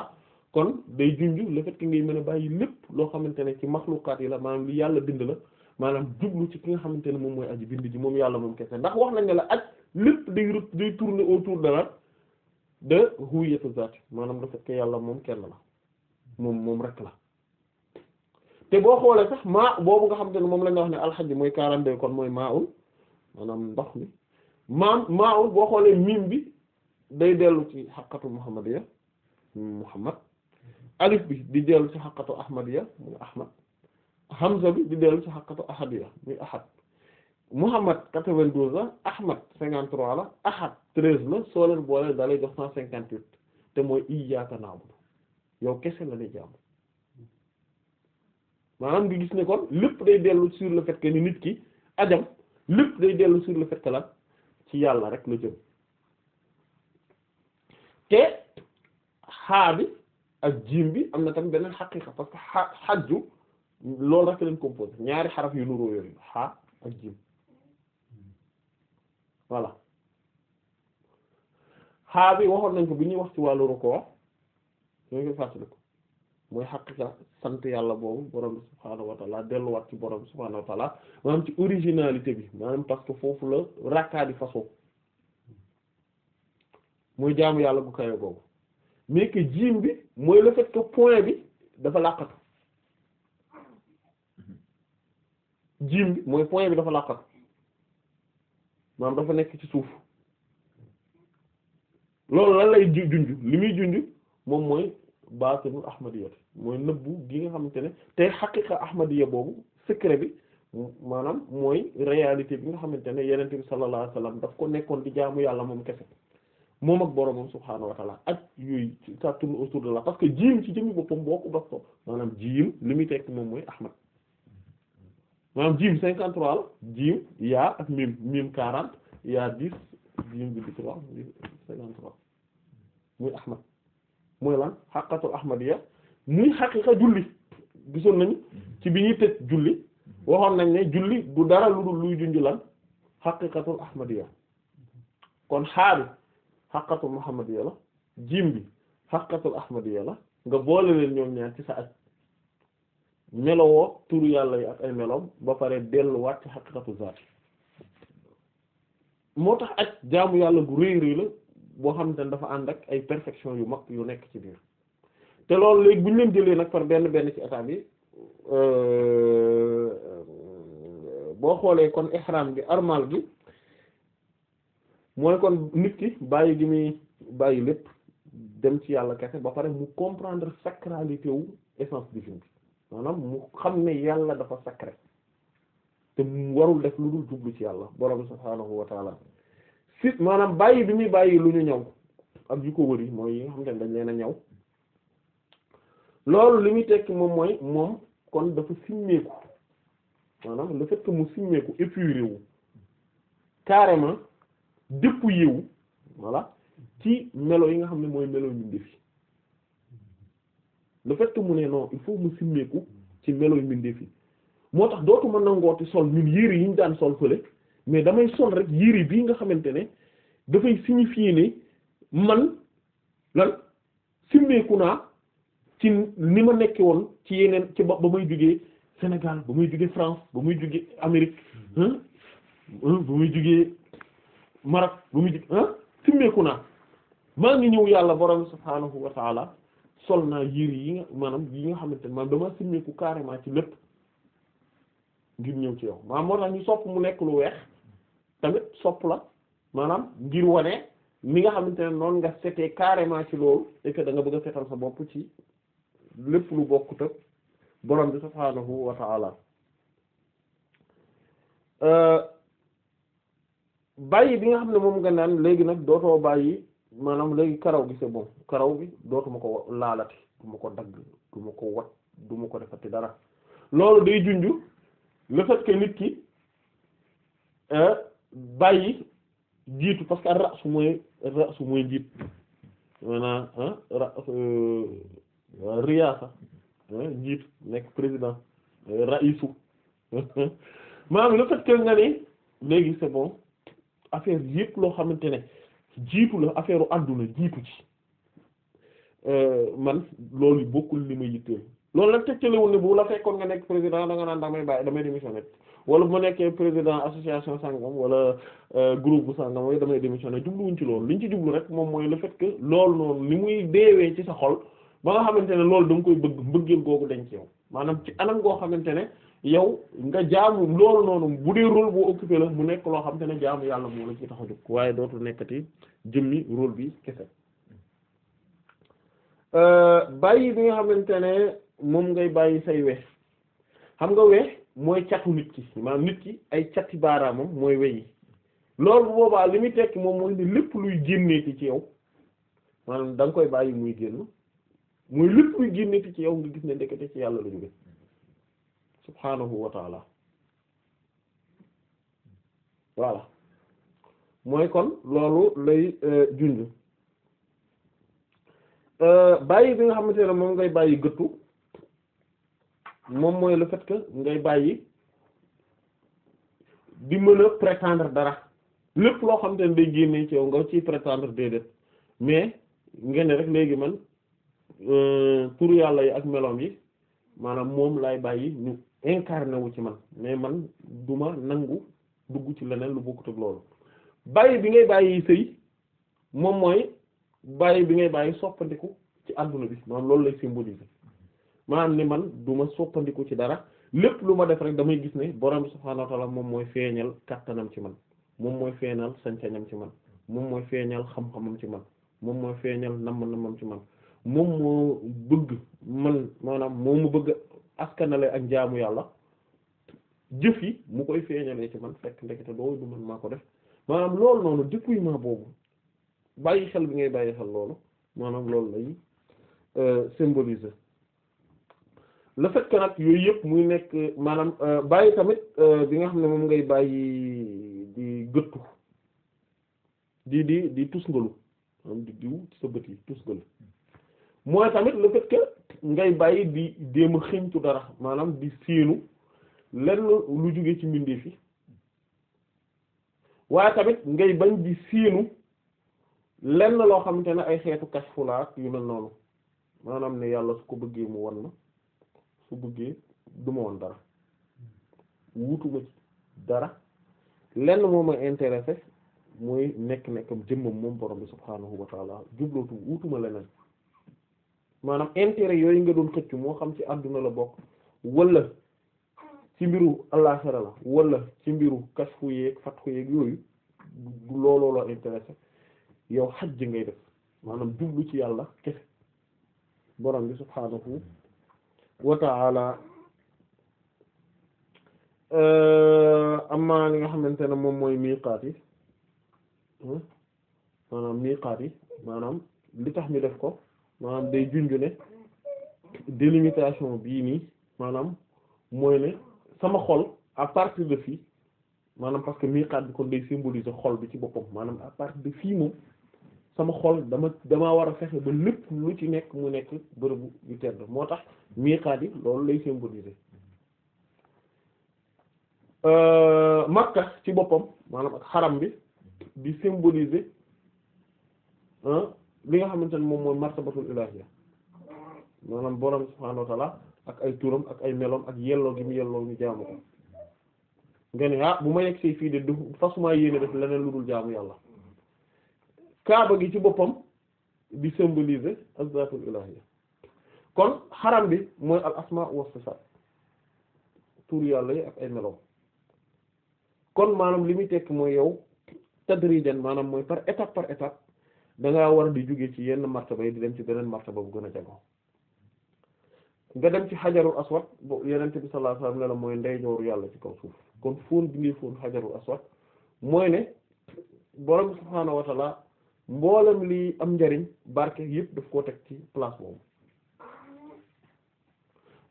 kon day junj le fait que ngay mën a bàyyi lépp loo xamante ne ci maxlukaat yi la maanaam li yàlla bind la maanaam jublu ci ki nga xamante ne moom mooy aji bind ji moom yàlla moom kese ndax wax nañ ne la ak lépp day day tourner autour de la de huwiyatu zaat maanaam le fait que yàlla moom kenn la moom moom rek la te boo xoolee sax maa boobu nga xam te ne moom la ñu wax ne alxaj mooy 42 kon mooy maa ul maanaam ndox mi maam maa ul boo xoolee miim bi day dellu ci xaqatu muhammadiya muhammad alif bi di dellu ci xaqatu ahmadiya muy ahmad hamza bi di dellu ci xaqatu ahadiya muy ahad muhammad 92 la ahmad 53 la ahad 13 la soo leen boolee dalay jox 158 te mooy iyyaaka na'budu yow kese la lay jaamu maanaam nga gis ne kon lépp day dellu sur le fait ni nit ki ajam lépp day dellu sur le fait que la ci yàlla rek la jëm te xaa bi ak jiim bi am na tamit beneen xaqiiqa parce que xa xajju loolu rek leen composé ñaari xarab yu nuroo yooyu xaa ak jiim voilà xaa bi waxoon nañ ko bi ñuy wax ci wàllu rukkoo ñoo ngi mooy xaqiqa sant yàlla boobu borom bi subhaanahu wa delluwaat ci borom bi subhaanahu wa taala maanaam ci originalité bi maanaam parce que foofu la rakkaa di façon mooy jaamu yàlla gu kawe boobu mais que jiim bi mooy le fait point bi dafa làqatu jiim bi mooy point bi dafa làqatu maanaam dafa nekk ci suuf loolu lan lay junj li muy junj moom mooy baatinul ahmadiyati mooy nëbbu gi nga xamante ne te xaqiqa ahmadiya boobu secret bi maanaam mooy réalité bi nga xamante ne yenente bi sallallahu alayhi wasallam daf ko nekkoon di jaamu yàlla moom kese moom ak boroomam subhaanahu wa ta'ala ak yooyu ça tourne autour de la parce que jiim ci jëmmi boppam boo ko bas ko maanaam jiim li muy tekk moom mooy ahmad maanaam jiim cinquante trois la jiim yaa ak mim mim quarante yaa dix jiim bi di trois muy ahmad mooy lan xaqatul ahmadiyya muy xaqiqa julli gisoon nañu ci bi ñuy tëj julli waxoon nañ ne julli du dara lu dul luy junj lan xaqiqatul ahmadiyya kon xaabi xaqatul muhammadiyya la jiim bi xaqatul ahmadiyya la nga boole leen ñoom ñaar ci sa ak melowoo turu yàlla yi ak ay meloom ba pare delluwaat ci xaqiqatu zaati moo tax ak jaamu yàlla gu rëy rëy la boo xamante ne dafa ànd ak ay perfection yu mag yu nekk ci biir te loolu léegi bu ñu leen jëlee nag par benn benn ci état bi euh, boo xoolee kon ihram bi armal gi mooy kon nit ki bàyyi gi muy bàyyi lépp dem ci yàlla kese ba pare mu comprendre sacralité wu essence divine bi maanaam mu xam ne yàlla dafa sacré te mu warul def lu dul jublu ci yàlla borom subhaanahu wa si maanaam bàyyi bi muy bàyyi lu ñu ñaw ak yu ko yi mooy yi nga xam ne dañ leen a ñaw loolu li muy tekki moom mooy moom kon dafa simmeeku maanaam le fait que mu simmeeku wu carrément dépouillé voilà ci melo yi nga xam ne mooy melo yu ndefi mu ne non il ci melo yu ndefi moo tax dootuma nangooti sol ñun yére yi ñu daan sol fële mais damay sol rek yére bii nga xamante ne dafay signifier ne man lan simmeeku naa ci ni ma nekke woon ci yeneen ci ba ba may jógee Sénégal ba muy jugee France ba muy jugee Amérique ba muy jógee Maroc ba mu jugee ah simmeeku naa maa ngi ñëw yàlla borom subhaanahu wa taala sol naa yére yi nga maanaam yi nga xamante ne maanaam dama simmeeku carrément ci lépp ngir ñëw ci yow maanaam moo ñu sopp mu nekk lu weex tamit sopp la maanaam ngir wane mi nga xamante ne noonu nga setee carrément ci loolu et da nga bëgg a setal sa bopp ci lépp lu bokkut ak borom bi subhaanahu wa ta'ala euh, bàyyi bi nga xam ne moom nga naan léegi nag dootoo bàyyi maanaam léegi karaw gi c'est bon karaw bi dootuma ko laalati du ko dagg du ko wat du ma ko defati dara loolu day junju le fait nit ki euh, bàyyi jiitu parce que ar rasu mooy mooy njiit maanaam ra euh, euh, riyaasa jiitu nekk président euh, raisu maanaam le fait que nga ni léegi c'est bon affaire yëpp loo xamante ne jiitu la affaire u àdduna jiitu ci man loolu bokkul li ma yitteel loolu nag tegtalewul ne bu la fekkoon nga nekk président da naan damay bàyyi damay démissionner wala bu nekkee président association sangam wala euh, groupe bu sangam mooy damay démissionné jubluwuñ ci loolu liñ ci jublu rek moom mooy la fait que loolu noonu ni muy deewee ci sa xol ba nga xamante ne loolu da koy bëgg mbëggeel googu dañ ci yow maanaam ci anam goo xamante ne yow nga jaamu loolu noonu bu dee rôle boo occupé la mu nekk loo xamante ne jaamu yàlla moom la ci tax a jóg waaye dootul nekkati jëmmi rôle bi kese euh, bàyyi bi nga xamante ne ngay bàyyi say weex nga mooy catu nit ki maanaam nit ki ay cati baaraamam mooy weyi loolu bu boobaa li muy tekki moom mooy ne lépp luy génneeti ci yow maanaam danga koy bàyyi muy génn mooy lépp luy génneeti ci yow nga gis ne ndekete ci yàlla lañu jóge subhaanahu wa taala voilà mooy kon loolu lay euh, junj euh, bàyyi bi nga xamante ne moom ngay bàyyi gëttu moom mooy la fait que ngay bàyyi di mën a dara lépp loo xam te ne day ci yow nga ciy prétendre déedéet mais ngeen rek léegi man tur euh, yàlla yi ak meloom yi maanaam moom lay bàyyi ñu incarné ci man mais man duma nangu dugg ci leneen lu bokkut ak loolu bàyyi bi ngay bàyyi sëy moom mooy bàyyi bi ngay bàyyi soppandiku ci àdduna bi moom loolu lay symboliser maanaam ni man du ma soppandiku ci dara lépp lu ma def rek damay gis ne borom bi subhaanahu wa ta'ala moom mooy feeñal kattanam ci man moom mooy feeñal sañ-sañam ci man moom feeñal xam-xamam ci man moom mooy feeñal namm-nammam ci man moom moo bëgg man maanaam moo mu bëgg askanale ak njaamu yàlla jëf yi mu koy feeñalee ci man fekk ndekete doo du man maa ko def maanaam loolu noonu dépouillement boobu bàyyi xel bi ngay bàyyi xel loolu maanaam loolu lay euh, symboliser le fait que nag yooyu yëpp muy nekk maanaam euh, bàyyi tamit euh, bi nga xam ne moom ngay bàyyi di gëttu di di di tusngalu yi tusngalu mooy tamit le fait ngay bàyyi di déem a xëñtu dara maanaam di séenu lenn lu jóge ci mbindeef yi waaye tamit ngay bañ di séenu lenn loo xamante ne ay xeetu kashfu la ak yu mel noonu maanaam ne yàlla su ko bëggee mu wan na ko bëggee du ma woon dara wutuma ci dara lenn moo ma intéressé mooy nekk-nekkam jëmmam moom borom bi subhaanahu wa taala jublootu wutuma leneen maanaam intérêt yooyu nga doon xëcc moo xam ci àdduna la bokk wala ci mbiru àllaxira la wala ci mbiru kashfu yeeg fatxu yeeg yooyu du looloo la intéressé yow xaj ngay def maanaam jublu ci yàlla kese borom bi subhaanahu wa ta'ala e, amma li nga xamante ne moom mooy miqaat yi hmm, maanaam miqaat yi maanaam li tax ñu def ko maanaam day junju ne délimitation bii nii maanaam mooy ne sama xol à partir de fii maanaam parce que miqaat bi kon day symboliser xol bi ci boppam maanaam à partir de fii moom sama xol dama damaa war a fexe ba lépp lu ci nekk mu nekk bërëbu yu tedd moo tax miiqaat yi loolu lay symboliser euh, Makka ci boppam maanaam ak xaram bi di symboliser li nga xamante ne moom mooy martabatul ilahiyya maanaam borom subhaanahu wa ta'ala ak ay turam ak ay meloom ak yelloo gi mu yelloo ñu jaamu ko nga ne ah bu ma yegg see fii de du fasuma yéene def leneen lu dul jaamu yàlla. kaaba gi ci boppam di symboliser az-zaatul ilaahiyya kon xaram bi mooy al asmaa wa sifaat tur yàlla yi ak ay meloom kon maanaam li muy tekk mooy yow tadrijan maanaam mooy par étape par étape da ngaa war di jóge ci yenn martaba yi di dem ci beneen martaba bu gën a jagoo nga dem ci xajarul aswad bo yenente bi sallallahu alayhi wasallam ne la mooy ndeyjooru yàlla ci kaw suuf kon fóon bi ngay fóon xajarul aswad mooy ne borom subhaanahu wa mboolem lii am njariñ barke yëpp daf koo teg ci place boobu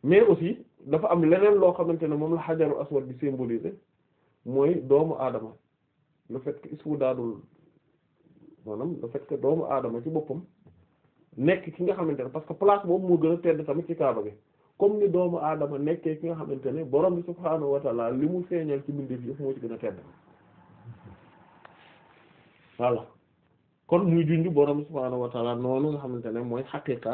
mais aussi dafa am leneen loo xamante ne moom la xajaru aswad bi symboliser mooy doomu aadama lu fait que isfu daadul maanaam le fait doomu aadama ci boppam nekk ki nga xamante ne parce que place moom moo gën a tedd tamit ci kaaba gi comme ni doomu aadama nekkee ki nga xamante ne borom bi subhaanahu wa ta'ala li mu feeñal ci mbindeef yëpp moo ci gën a tedd voilà kon muy junj borom subhaanahu wa taala noonu nga xamante ne mooy xaqiqa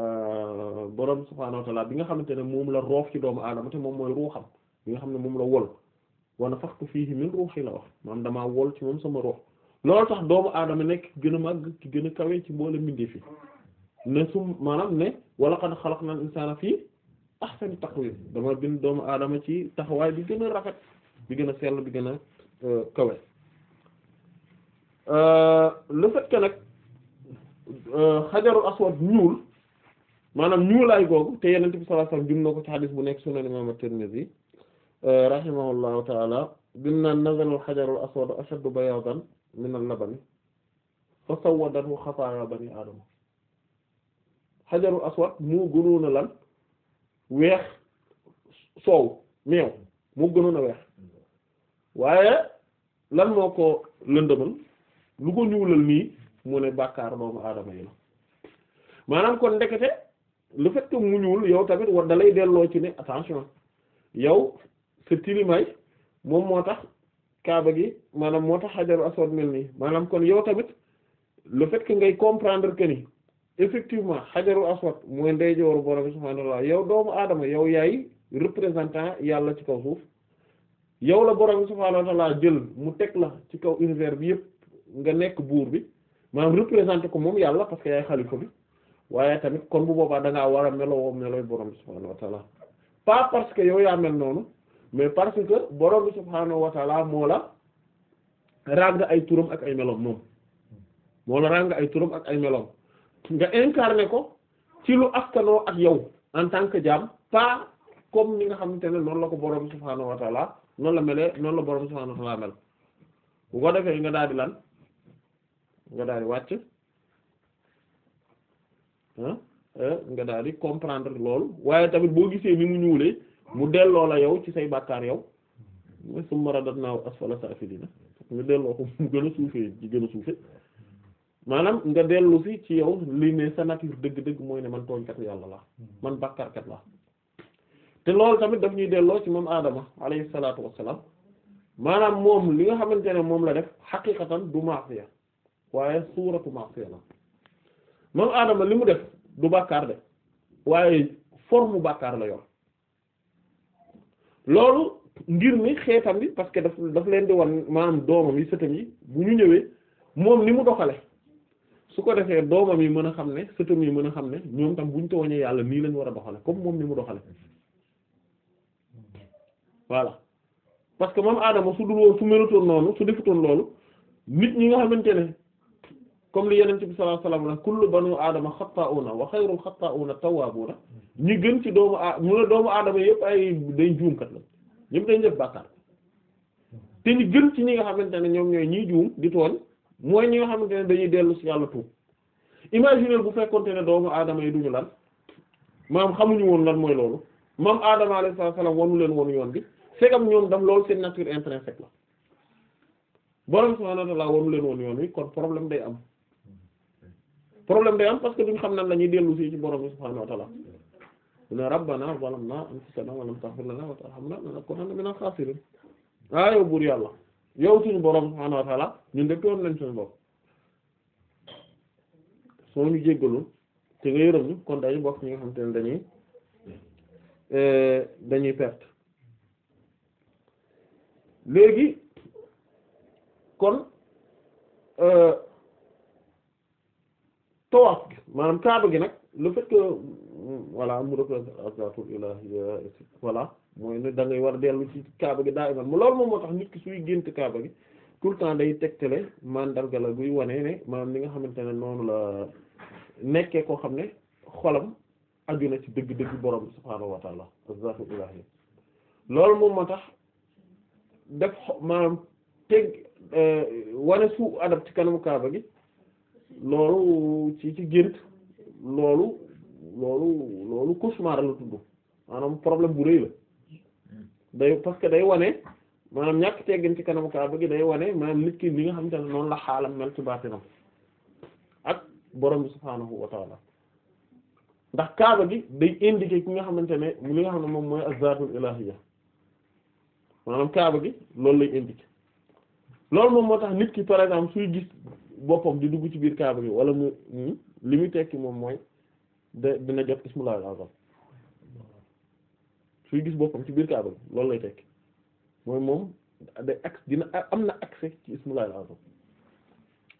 euh, borom subhaanahu wa bi nga xamante ne moom la roof ci doomu aadama te moom mooy ruuxam bi nga xam ne moom la wol wana faxtu fiihi min ruuxi la wax maanaam damaa wol ci moom sama ruux loolu tax doomu aadama nekk ci gën a màgg ci gën a kawe ci mboolem mbindeef yi ne su maanaam ne wala qad xalaqnal insaana fii ahsani taqwiim dama bin doomu aadama ci taxawaay bi gën rafet bi gën a sell bi gën a euh, kawe. Euh, le fait que nag euh, xajaru aswad ñuul maanaam ñuulaay googu te yenente bi sallallahu alayhi wasallam jum na ko ci xadis bu nekk sunan imam at-Tirmidhi euh, rahimahullahu taala bim naan nazala al-hajarul aswad ashaddu bayaadan min al-labani fa sawwadatu xataaya bani aadama xajarul aswad moo gënoon a lan weex soow meew moo gënoon a weex waaye lan moo ko lëndëmal lu ko ñuulal nii mu ne bàkkaar doomu aadama yi la maanaam kon ndekete le fait mu ñuul yow tamit war da delloo ci ne attention yow sa tilimaay moom moo tax kaaba gi maanaam moo tax xajaru aswad mel nii maanaam kon yow tamit le fait que ngay comprendre que ni effectivement xajaru aswad mooy ndeyjooru borom subhaanahu wa ta'ala doomu aadama yow yaay représentant yàlla ci kaw suuf yow la borom subhaanahu wa jël mu teg la ci kaw univers bi yëpp nga nekk buur bi maanaam représenté ko moom yàlla parce que yaay xalifa bi waaye tamit kon bu boobaa da ngaa war a meloo melooy borom bi subhaanahu wa parce que yow yaa mel noonu mais parce que borom bi moo la ràng ay turam ak ay meloom moom moo ay turam ak ay meloom nga incarné ko ci lu askanoo ak yow en tant que jaam pas comme ni nga xamante ne noonu la ko borom bi noonu la melee noonu la borom bi mel bu defee nga daal di lan. nga daal di wàcc ah, ah, nga daal di comprendre loolu waaye tamit boo gisee ni mu ñuulee mu delloo la yow ci say bàkkaar yow mooy summa radadnaahu asfala saafiliina nga delloo ko mu gën a suufee ci gën a suufe maanaam nga dellu si ci yow li ne sa nature dëgg-dëgg mooy ne man tooñkat yàlla la man bàkkaarkat la te loolu tamit daf ñuy delloo ci moom Adama alayhi salaatu wassalaam maanaam moom li nga xamante ne moom la def xaqiqatan du maasiya waaye suuratu ma'siya la moom aadama li mu def du bàkkaar de waaye forme bàkkaar la yor loolu ngir mi xeetam bi parce que daf daf leen di wan maanaam doomam yi sëtam yi bu ñu ñëwee moom ni mu doxale su ko defee doomam yi mën a xam ne sëtam yi mën a xam ne ñoom tam bu ñu tooñee yàlla nii lañ war a doxale comme moom ni mu doxale voilà parce que moom aadama su dul woon su melutoon noonu su defutoon loolu nit ñi nga xamante ne comme li yenente bi sallallahu alayhi wasallam kullu banu aadama xata'una wa xayrul xata'una tawwabuna ñi gën ci doomu a mu ne doomu aadama yëpp ay day juumkat la ñëpp dañ def bàkkaar te ñi gën ci ñi nga xamante ne ñoom ñooy ñiy juum di tooñ mooy ñi nga xamante ne dañuy dellu ci yàlla tuub imaginer bu fekkonte ne doomu aadama yi duñu lan maam xamuñu woon lan mooy loolu maam aadama alayhi salaam wanu leen wonu yoon bi fegam ñoom dam loolu seen nature intrinsèque la borom subhanahu wa leen wonu yoon wi day am problème day am parce que duñ xam nan la ñuy dellu ci borom bi subhaanahu wa ta'ala ne rabbana zalamna anfusana wa lam taghfir lana wa tarhamna lanakunanna minal khasirin ah yow buur yàlla yow suñu borom subhaanahu wa ñun de tooñ nañ suñu bopp soo ñu jéggalu te nga yërëm ñu kon dañu bokk ñi nga xam te ne dañuy eh, dañuy perte léegi kon. Eh, tawaaf gi maanaam kaaba gi nag le fait que voilà mu représentatul ilahia voilà mooy ne da war dellu ci kaaba gi daa iman mu loolu moom moo tax nit ki suy gént kaaba gi tout temps day tegtale mandarga la guy wane ne maanaam li nga xamante ne noonu la nekkee koo xam ne xolam aju na ci dëgg-dëgg borom bi subhaanahu wa taala azatu ilahi loolu moom moo tax def maanaam teg euh, wane su adab ci kanamu kaaba gi loolu ci ci gént loolu loolu loolu cauchemar la tudd maanaam problème bu rëy la day parce que day wane maanaam ñàkk teggin ci kanamu kaa bëgg day wane maanaam nit ki li nga xamante ne noonu la xaalam mel ci baatinam ak borom bi subhaanahu wa taala ndax kaaba gi day indiquer ki nga xamante ne li nga xam ne moom mooy azzatul ilahiyya maanaam kaaba gi loolu lay indiquer loolu moom moo tax nit ki par exemple suy gis boppam di dugg ci biir kaaba gi wala mu hmm, li muy tekki moom mooy da dina jot ismullahil azam suy gis boppam ci biir kaaba gi loolu lay tekki mooy moom day accès dina am na accès ci ismullahil azam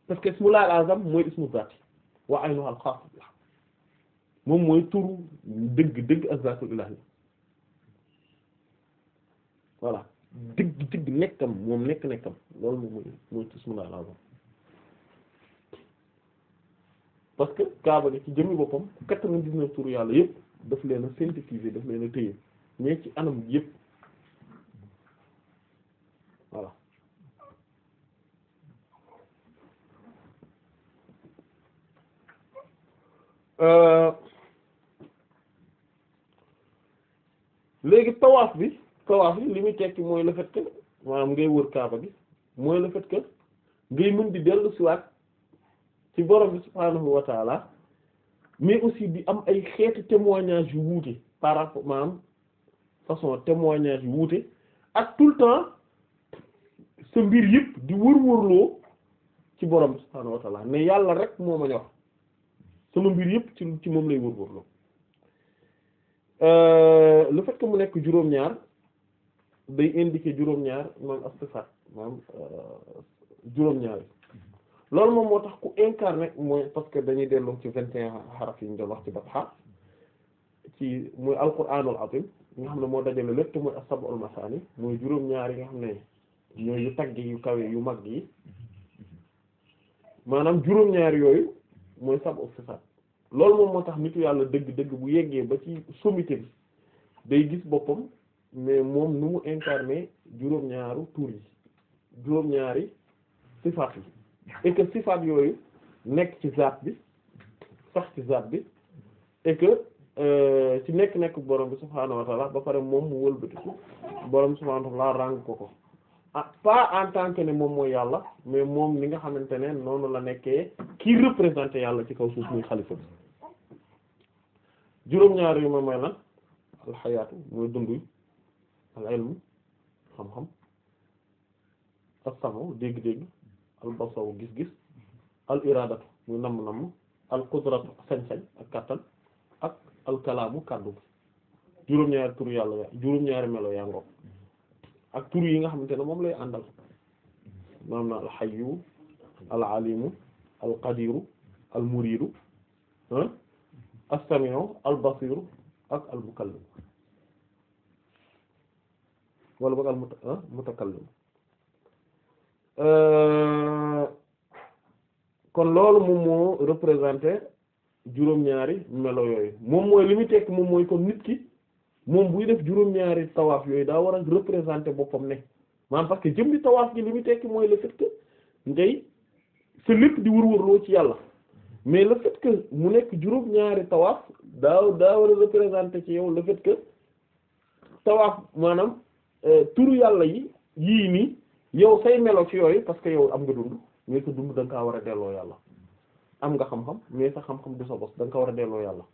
parce que ismullahil azam mooy ismu zaati wa moom mooy tur dëgg dëgg azzaatul ilaahi voilà dëgg dëgg nekkam moom nekk nekkam loolu moom mooy mooy ismullahil parce que kaaba gi ci jëmmi boppam quatre-vingt-dix-neuf tur yàlla yëpp daf leen a synthétiser daf leen a téye ci anam yëpp voilà euh, léegi tawaaf bi tawaaf bi li muy tekki mooy le fait que ngay wër kaaba gi mooy le fait que ngay mën di dellu siwaat ci borom bi subhaanahu wa taala mais aussi di am ay xeeti témoignage yu wuute par rapport maanaam façon témoignage yu wuute ak tout le temps sa mbir yëpp di wër-wërloo ci borom bi subhaanahu wa taala mais yàlla rek moo ma ñor sama mbir yëpp ci ci moom lay wër-wërloo euh, le fait mu nekk juróom-ñaar day indiquer juróom-ñaar moom astifat moom euh, juróom-ñaar loolu moom moo tax ku incarné mooy parce que dañuy dellu ci vingt et yi ñu doon wax ci Batha ci muy alquranul azim nga xam ne moo dajale lépp te muy as-sab'ul masani mooy juróom-ñaar nga xam ne ñooy yu tagg yu kawe yu mag yi maanaam juróom-ñaar yooyu mooy sab'u sifat loolu moom moo tax nitu yàlla dëgg-dëgg bu yeggee ba ci sommité bi day gis boppam mais moom nu mu incarné juróom-ñaaru tur yi juróom-ñaari sifaat yi et que sifaat yooyu nekk ci zaat bi sax ci zaat bi et que euh, ci nekk-nekk borom bi subhaanahu wa ba pare moom mu wëlbatiku borom subhaanahu wa ta'ala ko ko ah, pas en tant que ne moom mooy yàlla mais moom ni nga xamante ne noonu la nekkee ki représenté yàlla ci kaw suuf muy xalifa bi juróom-ñaar yu ma mooy la alxayaatu mooy dunduy al xam-xam as dégg-dégg al basawu gis-gis al iradatu muy namm-namm al qudratu sañ-sañ ak kattan ak al kalaamu kàddu juróom-ñaari tur yàlla ya juróom-ñaari melo yaa ngoog ak tur yi nga xamante ne moom lay àndal maam na al hayyu al alimu al qadiru al muridu ah, as samiu al basiru ak al mukallim wala boog al ah, mutakallim Euh, kon loolu moom moo représenté juróom-ñaari melo yooyu moom mooy li muy tekk moom mooy kon nit ki moom buy def juróom-ñaari tawaaf yooyu daa war a représenté boppam ne maanaam parce que jëmmi tawaaf gi li muy tekk mooy la fait que ngay sa lépp di wërwërloo ci yàlla mais la fait mu nekk juróom-ñaari tawaaf daa daa war a représenté ci yow la fait que tawaaf maanaam euh, turu yàlla yi yii nii yow say melo ci yooyu parce que yow am nga dund mais sa dund da nga war a delloo yàlla am nga xam mais sa xam-xam sa bos da nga war a delloo yàlla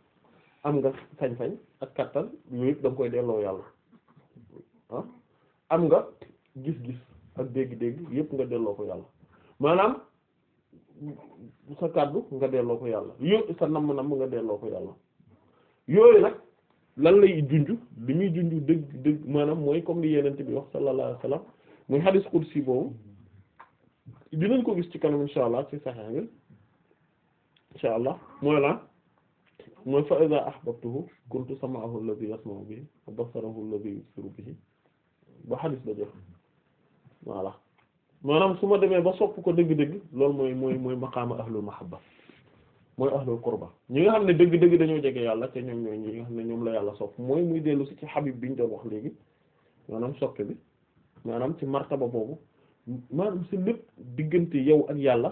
am nga sañ-sañ ak kattan yooyu yëpp da koy delloo yàlla ah am nga gis-gis ak dégg-dégg yëpp nga delloo ko yàlla maanaam sa kàddu nga delloo ko yàlla yo sa namm-namm nga delloo ko yàlla yooyu nag lan lay junj li muy junj dëgg dëgg maanaam mooy comme li yenent bi wax sallallahu alayhi wasallam muy hadis qudsi boobu dinañ ko gis ci kanam insha allah ci saxeex bi insha allah mooy lan mooy fa iza ahbabtuhu kuntu sam'ahu alladhi yasma'u bihi wa basarahu alladhi yubsiru bihi ba hadis ba jox voilà maanaam su ma demee ba sopp ko dëgg-dëgg loolu mooy mooy mooy maqaama ahlul mahabba mooy ahlul qurba ñu nga xam ne dëgg-dëgg dañoo jege yàlla te ñoom ñooy ñi xam ne ñoom la yàlla sopp mooy muy dellu si ci xabib bi ñu doon wax léegi maanaam soppe bi maanaam ci martaba boobu maanaam si lépp diggante yow ak yàlla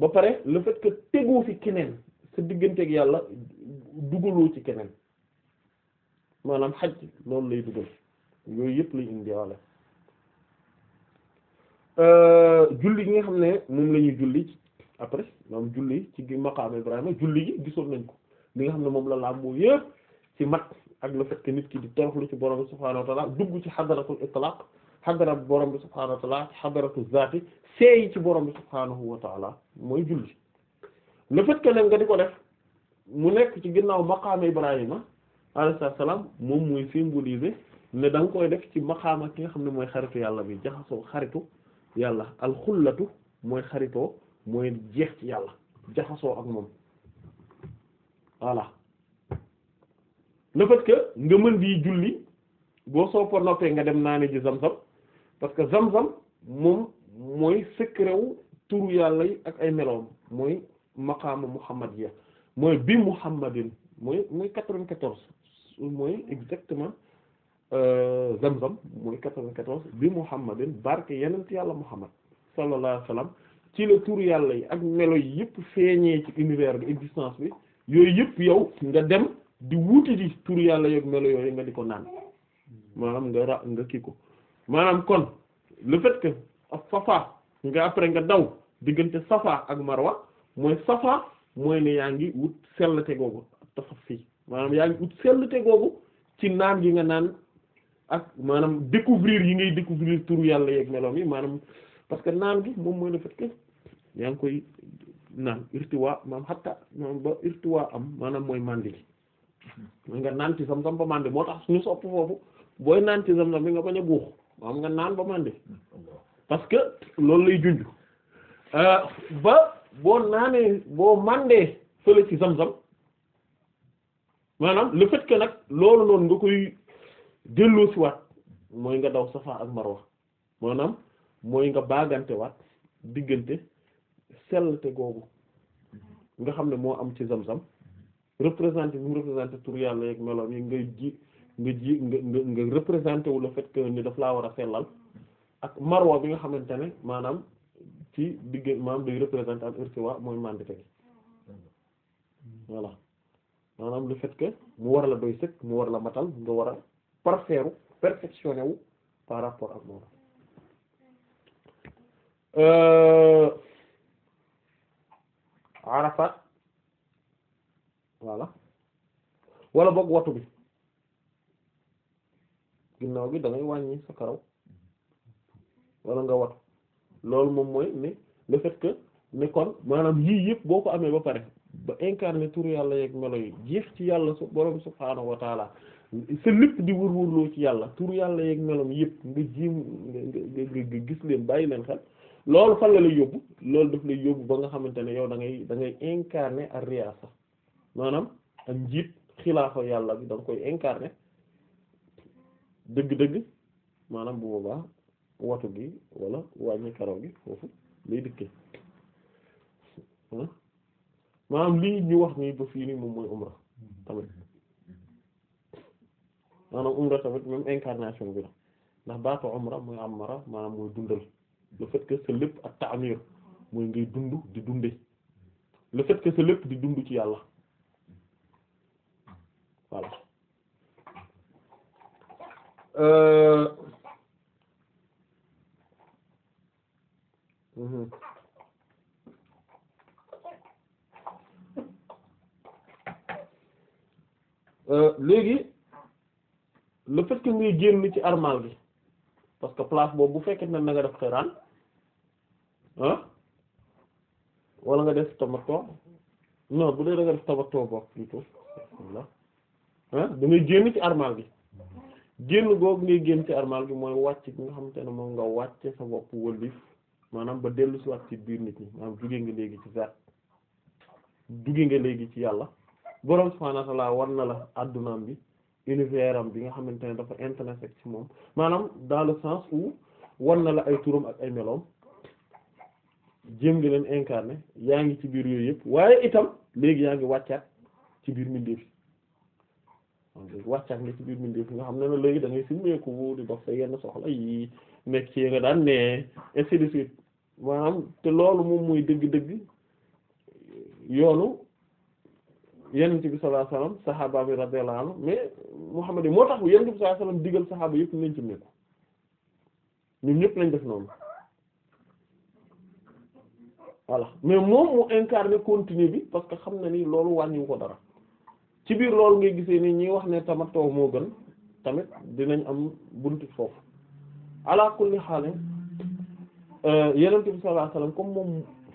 ba pare le fait que tegoo fi keneen sa diggante ak yàlla dugaloo ci keneen maanaam xaj loolu lay dugal yooyu yëpp lay indiwaale euh, julli gi nga xam ne moom la ñuy julli ci après moom julli ci gi maqaam Ibrahima julli gi gisoon nañ ko li nga xam ne moom la làmboo yëpp ci mat ak le fait que nit ki di toroxlu ci borom subhaanahu wa dugg ci xadaratul itlaq xadara borom bi subhaanahu wa ta'ala xadaratu zaati seey ci borom bi subhaanahu wa ta'ala mooy julli le fait que nga di ko def mu nekk ci ginnaaw maqaama Ibrahima alayhi salaam moom mooy symboliser ne da koy def ci maqaama ki nga xam ne mooy xaritu yàlla bi jaxasoo xaritu yàlla alxullatu mooy xaritoo mooy jeex ci yàlla jaxasoo ak moom voilà le fait que nga mën di julli boo soo noppee nga dem naa ji zam-zam parce que zam-zam moom mooy secret wu turu yàlla yi ak ay meloom mooy maqaama muhammad ya mooy bi muhammadin mooy mooy quatre-vingt-quatorze mooy exactement euh, zam-zam mooy quatre-vingt-quatorze bi muhammadin barke yenent yàlla muhammad sallallahu alayhi wasallam ci la turu yàlla yi ak melo yi yëpp feeñee ci univers bi existence bi yooyu yëpp yow nga dem di wuti di turu yàlla yeeg melo yooyu nga di ko naan maanaam nga ra nga kii ko maanaam kon le fait que safa nga après nga daw diggante safa ak marwa mooy safa mooy ne yaa ngi wut sellte googu tafaffi maanaam yaa ngi wut sellte googu ci naan gi nga naan ak maanaam découvrir yi ngay découvrir turu yàlla yeeg meloom yi maanaam parce que naan gi moom mooy le fait yaa ngi koy naan irtiwa maam hatta maam ba irtiwa am maanaam mooy mandi gi hmm. nga naan ci sam-sam ba mandi moo tax suñu sopp foofu booy naan ci sam-sam bi nga bañ a guux maanaam nga naan ba màndi parce que loolu lay junj euh, ba boo naanee boo màndee fële ci zam-zam maanaam le fait que nag loolu noonu nga koy delloo si waat mooy nga daw Safa ak Marwa maanaam mooy nga baagante waat diggante sellte googu nga xam ne moo am ci zam-zam représenté bi mu représenté tur yàlla yeeg meloom yi ngay ji nga ji nga nga nga représenté wu le fait que ni daf laa war a sellal ak marwa bi nga xamante ne maanaam ci digg maanaam day représenté ak urtiwa mooy mandité voilà maanaam le fait mu war la doy sëkk mu war la matal nga war a parfaire perfectionné par rapport ak moom euh, Arafat voilà wala boog watu bi ginnaaw bi da ngay wàññi sa karaw wala nga wat loolu moom mooy ne le fait que ne maanaam yii yëpp boo ko amee ba pare ba incarné tur yàlla yeeg melo yi jeex ci yàlla su borom subhaanahu wa taala sa lépp di wërwërloo ci yàlla tur yàlla yeeg melom yëpp nga jiim nga gis leen bàyyi leen xel loolu fan la lay yóbbu loolu daf lay yóbbu ba nga xamante ne yow da ngay da ngay incarné ar maanaam ak njiit xilaafa yàlla bi da koy incarné dëgg-dëgg maanaam boobaa watu gi wala wàññi karaw gi foofu lay dikkee maanaam lii ñu wax nii ba fii nii moom mooy umra tamit maanaam umra tamit même incarnation bi la ndax baatu umra mooy amara maanaam mooy dundal le fait sa lépp ak ta'mir mooy ngay dund di dunde le fait sa lépp di dund ci yàlla voilà léegi le fait que ngay génn ci armal bi parce que place boobu bu fekkee ne na nga def xiraan ah wala nga def tamatoo non bu dee da nga def tamatoo boobu plutôt ah, da ngay génn ci armal bi génn googu ngay génn ci armal gi mooy wàcc bi nga xamante ne moom nga wàcce sa bopp wëllif maanaam ba dellu si wàcc ci biir nit ñi maanaam jugee nga léegi ci zaat jugee nga léegi ci yàlla borom subhaanahu wa la war na la addunaam bi univers bi nga xamante ne dafa intersect ci moom maanaam dans le sens où war na la ay turam ak ay meloom jéem nga leen incarné yaa ngi ci biir yooyu yëpp waaye itam léegi yaa ngi wàccaat ci biir mbindeef wàccaat nga ci biir mbindeef nga xam ne ne léegi da ngay simmeeku di dox sa yenn soxla yi nekk ci nga daan ne ainsi de suite te loolu moom mooy dëgg-dëgg yoonu yonent bi sallallahu alayhi wasallam saxaaba bi radiyallahu anhu mais Muhammad moo tax yonent bi sallallahu alayhi wasallam digal saxaaba yëpp nañ ci meeku ñun ñëpp lañ def noonu voilà mais moom mu incarné continue bi parce que xam na ni loolu wàññiwu ko dara ci biir loolu ngay gisee ni ñi wax ne tamattu moo gën tamit dinañ am bunt foofu ala kulli xaal euh, yonent bi sallallahu alayhi comme moom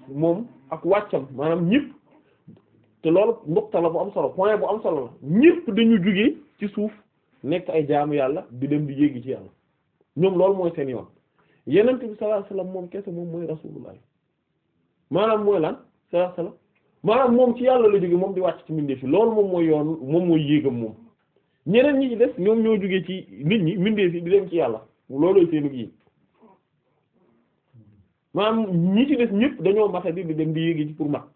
moom ak wàccam maanaam ñëpp te loolu nduxta la bu am solo point bu am solo la ñëpp dañu jugee ci suuf nekk ay jaamu yàlla di dem di yéegi ci yàlla ñoom loolu mooy seen yoon yonent bi sallallahu alayhi moom kese moom mooy rasulullah maanaam mooy lan sallallahu alayhi maanaam moom ci yàlla la jóge moom di wàcc ci mbindeef yi loolu moom mooy yoon moom mooy yéegam moom ñeneen ñii ci def ñoom ñoo jógee ci nit ñi mbindeef yi di dem ci yàlla loolooy seenug yi maanaam ñi ci def ñëpp dañoo mata di di dem di yéegi ci pour mat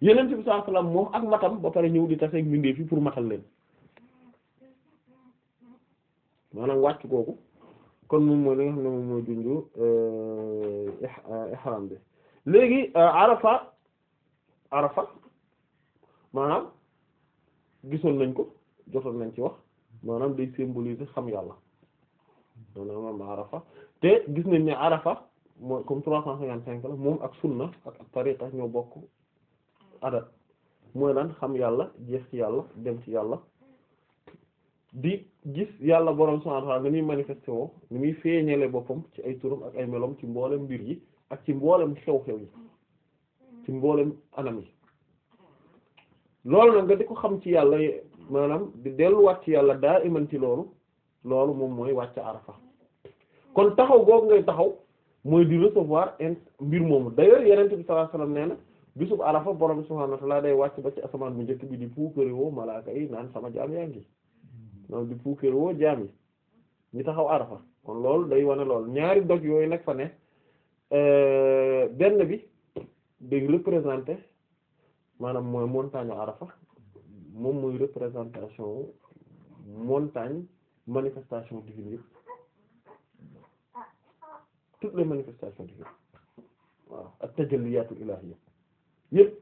yeneen bi sallallahu alayhi moom ak matam ba pare ñëw di taseeg mbindeef yi pour matal leen maanaam wàcc kooku kon moom mooy li xam ne moom mooy junju euh, euh, ihram bi léegi euh, arafa Arafat maanaam gisoon nañ ko jotoon nañ ci wax maanaam day symboliser xam yàlla maanaam Arafa te gis nañ ne Arafa mooy comme trois cent cinq la moom ak sun na ak tariqa ñoo bokk adat mooy lan xam yàlla jeex ci yàlla dem ci yàlla di gis yàlla borom subhanahu wa ta'ala ni muy manifesté woo ni muy feeñale boppam ci ay turam ak ay melom ci mboolem mbir yi ak ci mboolem xew-xew yi ci mboolem anam yi loolu nag nga di ko xam ci yàlla maanaam di delluwaat ci yàlla daa iman ci loolu loolu moom mooy wàcc arafa kon taxaw googu ngay taxaw mooy di recevoir in mbir moomu d'ailleurs yenente bi sallallahu alayhi wasallam nee na bisub arafa borom wa day wàcc ba ci asamaan bu njëkk bi di puukarewoo malaaka yi naan sama jaam yaa ngi noonu di puukarewoo jaam yi ñu taxaw arafa kon loolu day wane loolu ñaari doj yooyu nag fa ne euh, benn bi day représenter maanaam mooy montagne Arafa moom muy représentation montagne manifestation divine yëpp toutes les manifestations divines waaw ak tajalliyatul ilahiyya yëpp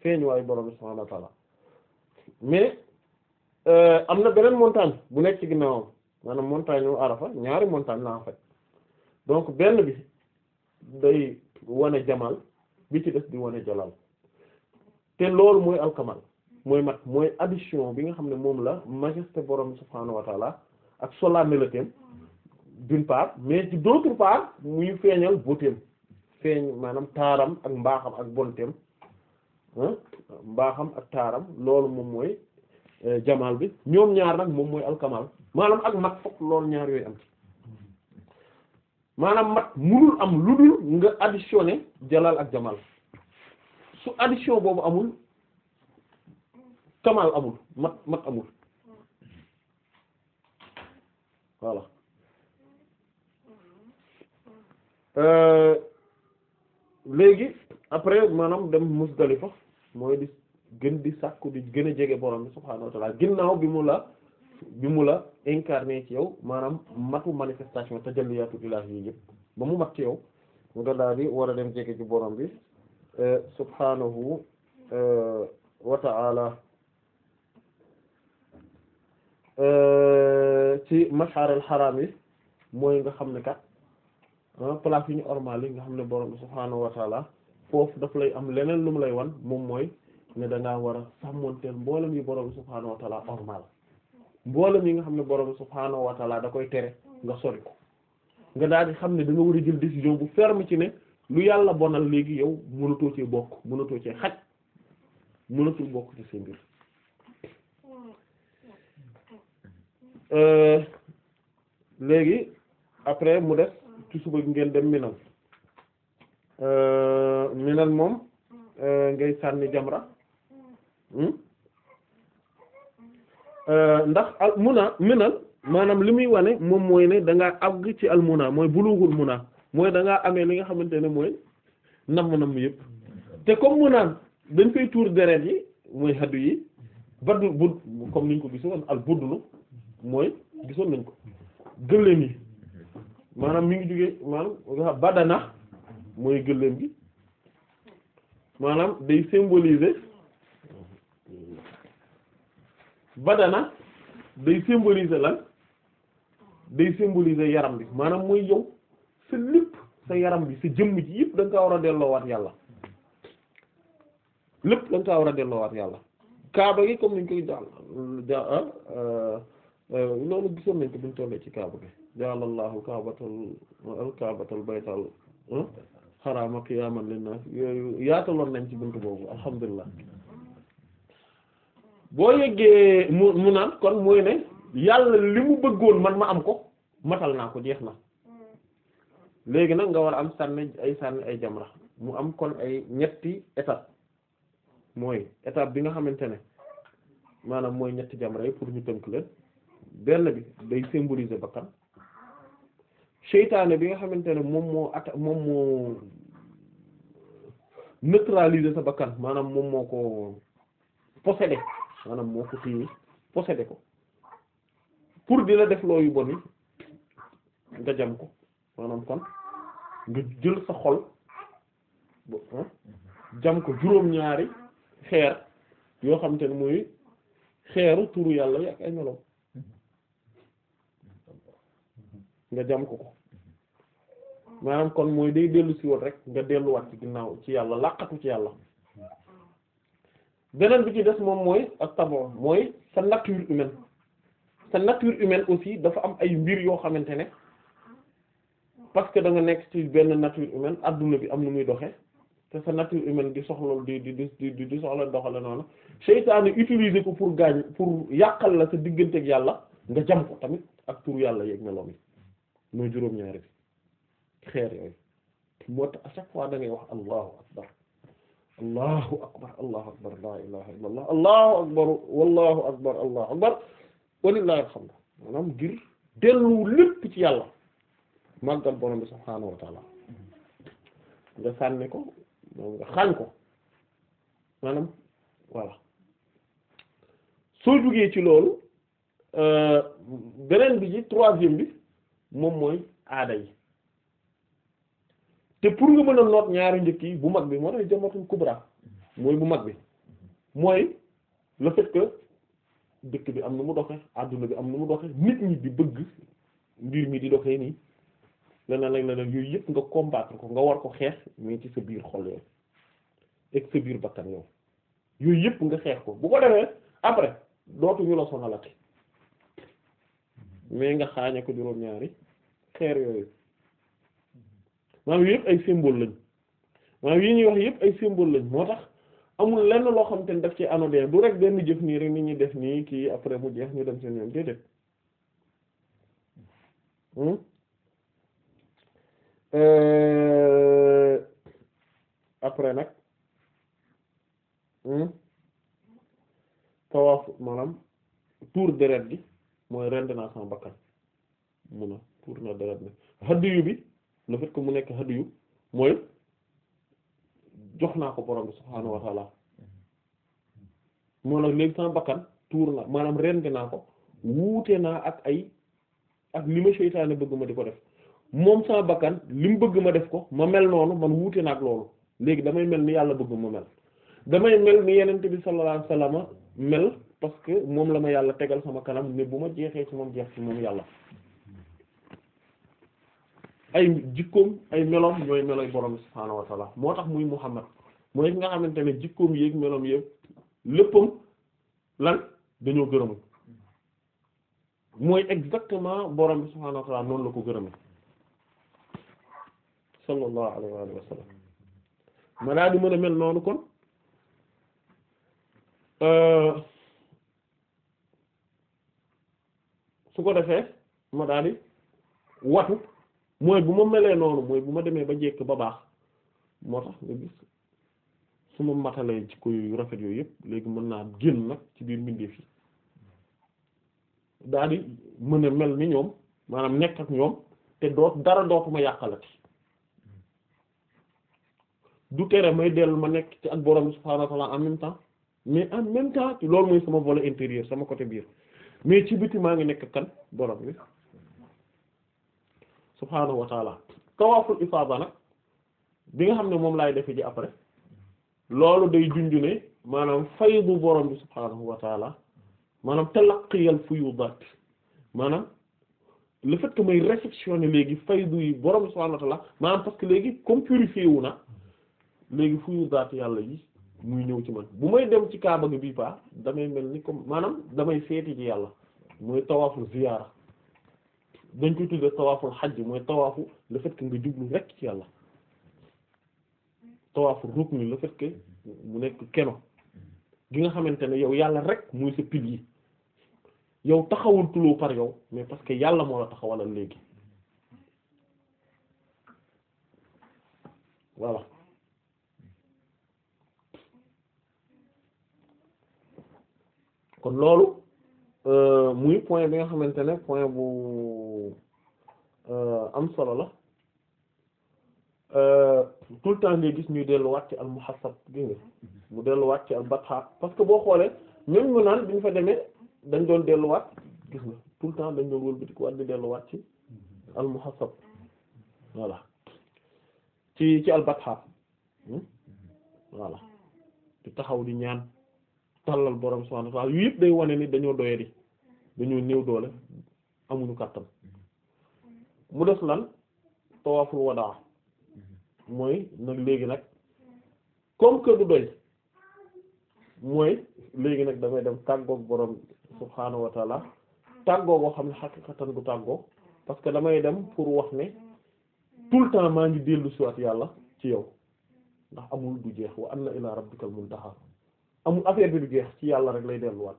feeñ waayu borom subhanahu wa ta'ala mais euh, am na beneen montagne bu nekk ci ginnaawam maanaam montagne wu Arafa ñaari montagne la en fait donc benn bi day wane jamal bi ci des di wane jalal te loolu mooy alkamal mooy mat mooy addition bi nga xam ne moom la majesté borom subhaanahu wa taala ak solennité d'une part mais ci d'autre part muy feeñal beautéem feeñ maanaam taaram ak mbaaxam ak bonteem mbaaxam ak taaram loolu moom mooy euh, jamal bi ñoom ñaar nag moom mooy alkamal maanaam ak mat fokk loolu ñaar yooyu am ci maanaam mat munul am lu dul nga additionné jalal ak jamal su addition boobu amul kamal amul mat mat amul voilà euh, léegi après maanaam dem Musdalifa mooy di gën di sàkku di gën a jege borom bi subhaanahu wa ta'ala ginnaaw bi mu la bi mu la incarné ci yow maanaam matu manifestation tajalliyaatu ilaahi yi yëpp ba mu mat ci yow nga daal di war a dem jege ci borom bi euh, subhaanahu euh, wa ta'ala euh, ci masharil haram yi mooy nga xam ne kat ah, place yi ñu ormal nga xam ne borom bi subhaanahu wa ta'ala foofu daf lay am leneen lu mu lay wan moom mooy ne da ngaa war a sàmmonteel mboolem yi borom bi subhaanahu wa ta'ala ormal mboolem yi nga xam ne borom subhaanahu wa da koy tere nga sori ko nga daal di xam ne da nga war a jël décision bu ferme ci ne lu yàlla bonal léegi yow mënatoo cee bokk mënatoo cee xaj mënatul bokk ci seen mbir euh, léegi après mu des ci suba ngeen dem Minan euh, Minan moom euh, ngay sànni jamra hmm? Euh, ndax al muna minal maanaam li muy wane moom mooy ne danga am àgg ci al muna mooy bulughul muna mooy da ngaa li nga xamante ne mooy nam nam yëpp te comme muna dañ koy tuur deret yi mooy haddu yi baddu budd comme niñ ko gisoon al buddlu mooy gisoon nañ ko gëléem yi maanaam mu ngi jógee maanaam badana mooy gëléem gi maanaam day symboliser badana day symboliser lan day symboliser yaram bi maanaam mooy yow sa lépp sa yaram bi sa jëmm ji yëpp da nga war a delloowaat yàlla lépp da nga war a delloowaat yàlla kaaba gi comme niñ koy jàll ja ah, euh, loolu gisoon nañ ko buñ tollee ci kaaba gi jàllallahu kaabatal al kaabatal baytal xaraama ah, qiyaaman linnaas yooyu yaataloon nañ ci bunt boobu alhamdulilah boo yeggee mu mu naan kon mooy ne yàlla li mu bëggoon man ma am ko matal naa ko jeex na léegi nag nga war a am sànni ay sànni ay jamra mu am kon ay ñetti étape mooy étape bi nga xamante ne maanaam mooy ñetti jamra yi pour ñu tënk leen benn bi day symboliser bakkan seytaane bi nga xamante ne moom moo atta moom moo neutraliser sa bakkan maanaam moom moo ko posséder maanaam moo ko téye possédé ko pour di la def looyu bon yi nga jam ko maanaam kon nga jël sa xol jam ko juróom-ñaari xeer yoo xam ni ne mooy xeeru turu yàlla yi ak meloom nga jam ko ko maanaam kon mooy day dellu si woon rek nga delluwaat ci ginnaaw ci yàlla làqatu ci yàlla beneen bi ci des moom mooy ak tabon mooy sa nature humaine sa nature humaine aussi dafa am ay mbir yoo xamante ne parce que da nga nekk ci benn nature humaine adduna bi am nu muy doxe te sa nature humaine di soxla di di di di soxla doxale noonu seytaane utiliser ko pour gaañ pour yàqal la sa diggante ak yàlla nga jam ko tamit ak tur yàlla yeeg meloom yi mooy juróom-ñaari bi xeer yooyu moo tax à chaque fois da ngay wax allahu akbar allahu akbar allahu akbar la ilaha illa allahu akbar wallahu akbar allahu akbar walillahi alhamdu maanaam ngir dellu lépp ci yàlla màggal borom bi subhaanahu wa nga sànni ko moom nga xaañ ko maanaam voilà soo jugee ci loolu euh, beneen bi ci troisième bi moom mooy aada yi te pour nga mën a noot ñaari njëkk yi bu mag bi moo tax jamratul kubra mooy bu mag bi mooy le fait que dëkk bi am na mu doxe àdduna bi am na mu doxe nit ñi bi bëgg mbir mi di doxee nii leneen leneen leneen yooyu yëpp nga combattre ko nga war ko xeex mais ci sa biir xol yow ak sa biir bakkan yow yooyu yëpp nga xeex ko bu ko defee après dootuñu la sonalati mais nga xaañe ko juróom-ñaari xeer yooyu maanaam yëpp ay symbole lañ maanaam yi ñuy wax yëpp ay symbole lañ moo tax amul lenn loo xam te ne ci anodin du rek benn jëf nii rek nit ñi def nii kii après mu jeex ñu dem seen yoon déedéet hmm? euh, après nag hmm? tawaaf deret gi mooy rend naa sama bakkan mun a tuur na deret na hadiyu bi le fait que mu nekk hadiyu mooy jox naa ko borom bi subhaanahu wa taala moo nag léegi sama bakkan tuur na maanaam rende naa ko wuute naa ak ay ak li ma seytaane bëgg ma di ko def moom sama bakkan li mu bëgg ma def ko ma mel noonu man wuute naa ak loolu léegi damay mel ni yàlla bëgg ma mel damay mel ni yenente bi sallallahu alayhi wasallam mel parce que moom la ma yàlla tegal sama kanam ne bu ma jeexee ci moom jeex ci moom yàlla ay jikkoom ay meloom ñooy meloy borom subhaanahu wa ta'ala moo tax muy Muhammad mooy ki nga xamante ne jikkoom yéeg meloom yépp léppam lan dañoo gërëmu mooy exactement borom subhaanahu wa ta'ala noonu la ko gërëme sallallahu alayhi euh, watu mooy bu ma melee noonu mooy bu ma demee ba jekk ba baax moo tax nga gis su ma matalee ci ko yu rafet yooyu yëpp léegi mën naa génn nag ci biir mbindeef yi daal di mën na mel ni ñoom maanaam nekk ak ñoom te doot dara dootuma yàqalati du tere may dellu ma nekk ci ak borom subhaanahu wa ta'ala en même temps mais en même temps loolu mooy sama volet intérieur sama côté biir mais ci biti maa ngi nekk kan borom bi subhaanahu wa taala tawaaful bi nga xam ne moom laay defe ji après loolu day junju ne maanaam faydu borom bi subhaanahu wa taala maanaam talaqqiyal fuyudaat maanaam le fait que may réceptionner léegi faydu yi borom bi subhaanahu wa taala léegi comme purifié wu na yàlla yi muy ñëw ci man bu may dem ci kaaba gi bii paa damay mel ni comme maanaam damay seeti di yàlla mooy tawaaful ziyaara dañ koy tuddee tawaaful xajj mooy tawaafu la fait que nga jublu rek ci yàlla tawaafu rukn la fait que mu nekk keno gi nga xamante ne yow yàlla rek muy sa pil yi yow taxawul tuloo par yow mais parce que yàlla moo la taxawalal léegi voilà kon loolu Euh, muy point bi nga xamante ne point bu euh, am solo la euh, tout le temps ngay gis ñuy delluwaat ci al muhassab gis nga mu delluwaat ci al parce que boo xoolee même ñu naan bi ñu fa demee dañ doon delluwaat gis nga tout le temps dañ doon wëlbatikuwaat di delluwaat ci al muhassab voilà ci ci al batha hmm? voilà di taxaw di ñaan tàllal borom subhanahu wa ta'ala yu yëpp day wane ni dañoo doyadi dañoo néew doole amuñu kàttan mm-hmm. mu des lan tawaaful wadaa mooy nag léegi nag comme que du doy mooy léegi nag damay dem tàggoog borom subhanahu wa ta'ala tàggoo boo xam ne xaqiqatan du tàggoo parce que damay dem pour wax ne tout le temps maa ngi dellu siwaat yàlla ci yow ndax amul du jeex wa na ila rabbikal muntaha amul affaire bi du jeex ci yàlla rek lay dellu delluwaat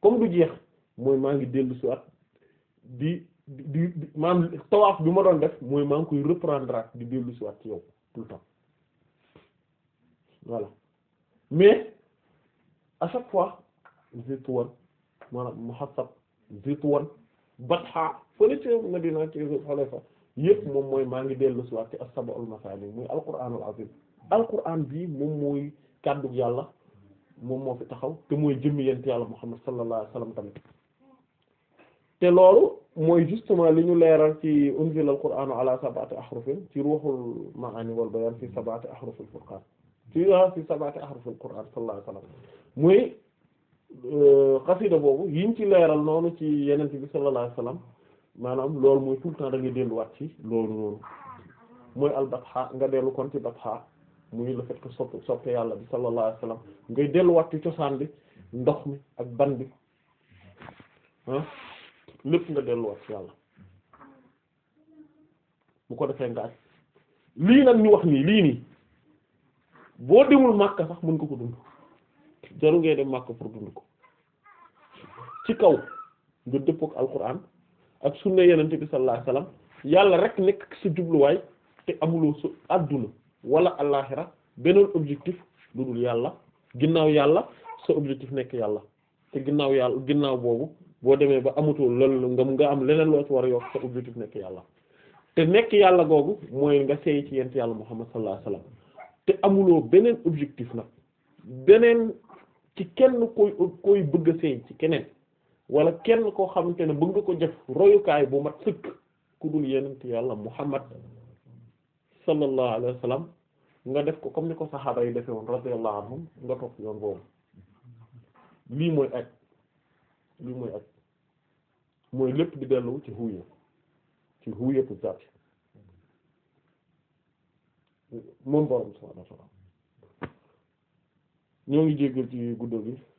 comme du jeex mooy maa ngi dellu si at di di maam tawaaf bi ma doon def mooy maa ngi koy reprendre ak di dellu si ci yow tout le temps mais à chaque fois zitwan maanaam muhassab zitwan batha fële ci moom mooy maa ngi dellu si waat ci as-sab'ul masaani mooy alquraanul aziim alquraan bi moom mooy kàddu yàlla moom moo fi taxaw te mooy jëmmi yent yàlla Muhammad sallallahu alayhi wasallam tamit te loolu mooy justement li ñu leeral ci unzila al-qur'anu ala sab'ati ahrufin ci ruhul ma'ani wal bayan fi sab'ati ahrufil furqan ci fi sab'ati ahrufil qur'an sallallahu alayhi wasallam mooy euh, xasida boobu yiñ ci leeral noonu ci yenent bi sallallahu alayhi wasallam maanaam loolu mooy tout le delluwaat ci loolu noonu mooy al-batha nga dellu kon ci batha mu le la fekk sopp sopp yàlla bi sallallahu alayhi wa sallam ngay delluwaat ci cosaan bi ndox mi ak ban bi ah lépp nga delluwaat yàlla bu ko defee nga aj lii nag ñu wax nii lii nii boo demul Makka sax mën ko ko dund jaru ngay dem Makka pour dund ko ci kaw nga dëppook alquran ak sunna yenente bi sallallahu alayhi wa sallam yàlla rek nekk sa jubluwaay te amuloo su àdduna wala àllaaxira beneen objectif lu dul yàlla ginnaaw yàlla sa objectif nekk yàlla te ginnaaw yàlla ginnaaw boobu boo demee ba amatoo loolu ngam nga am leneen loo ci war a yokk sa objectif nekk yàlla te nekk yàlla googu mooy nga sey ci yent yàlla Muhammad sallallahu alayhi te amuloo beneen objectif na beneen ci kenn koy koy bëgg a ci keneen wala kenn koo xamante ne bëgg ko jëf royukaay bu mat sëkk ku dul yent yàlla Muhammad sallallahu alayhi wa nga def ko comme ni ko saxaaba yi defe woon radiyallahu anhum nga topp yoon boobu lii mooy aj lii mooy aj mooy lépp di dellu ci huya ci huyatu zaat moom borom subhaanahu ñoo ngi jéggal ci guddal gi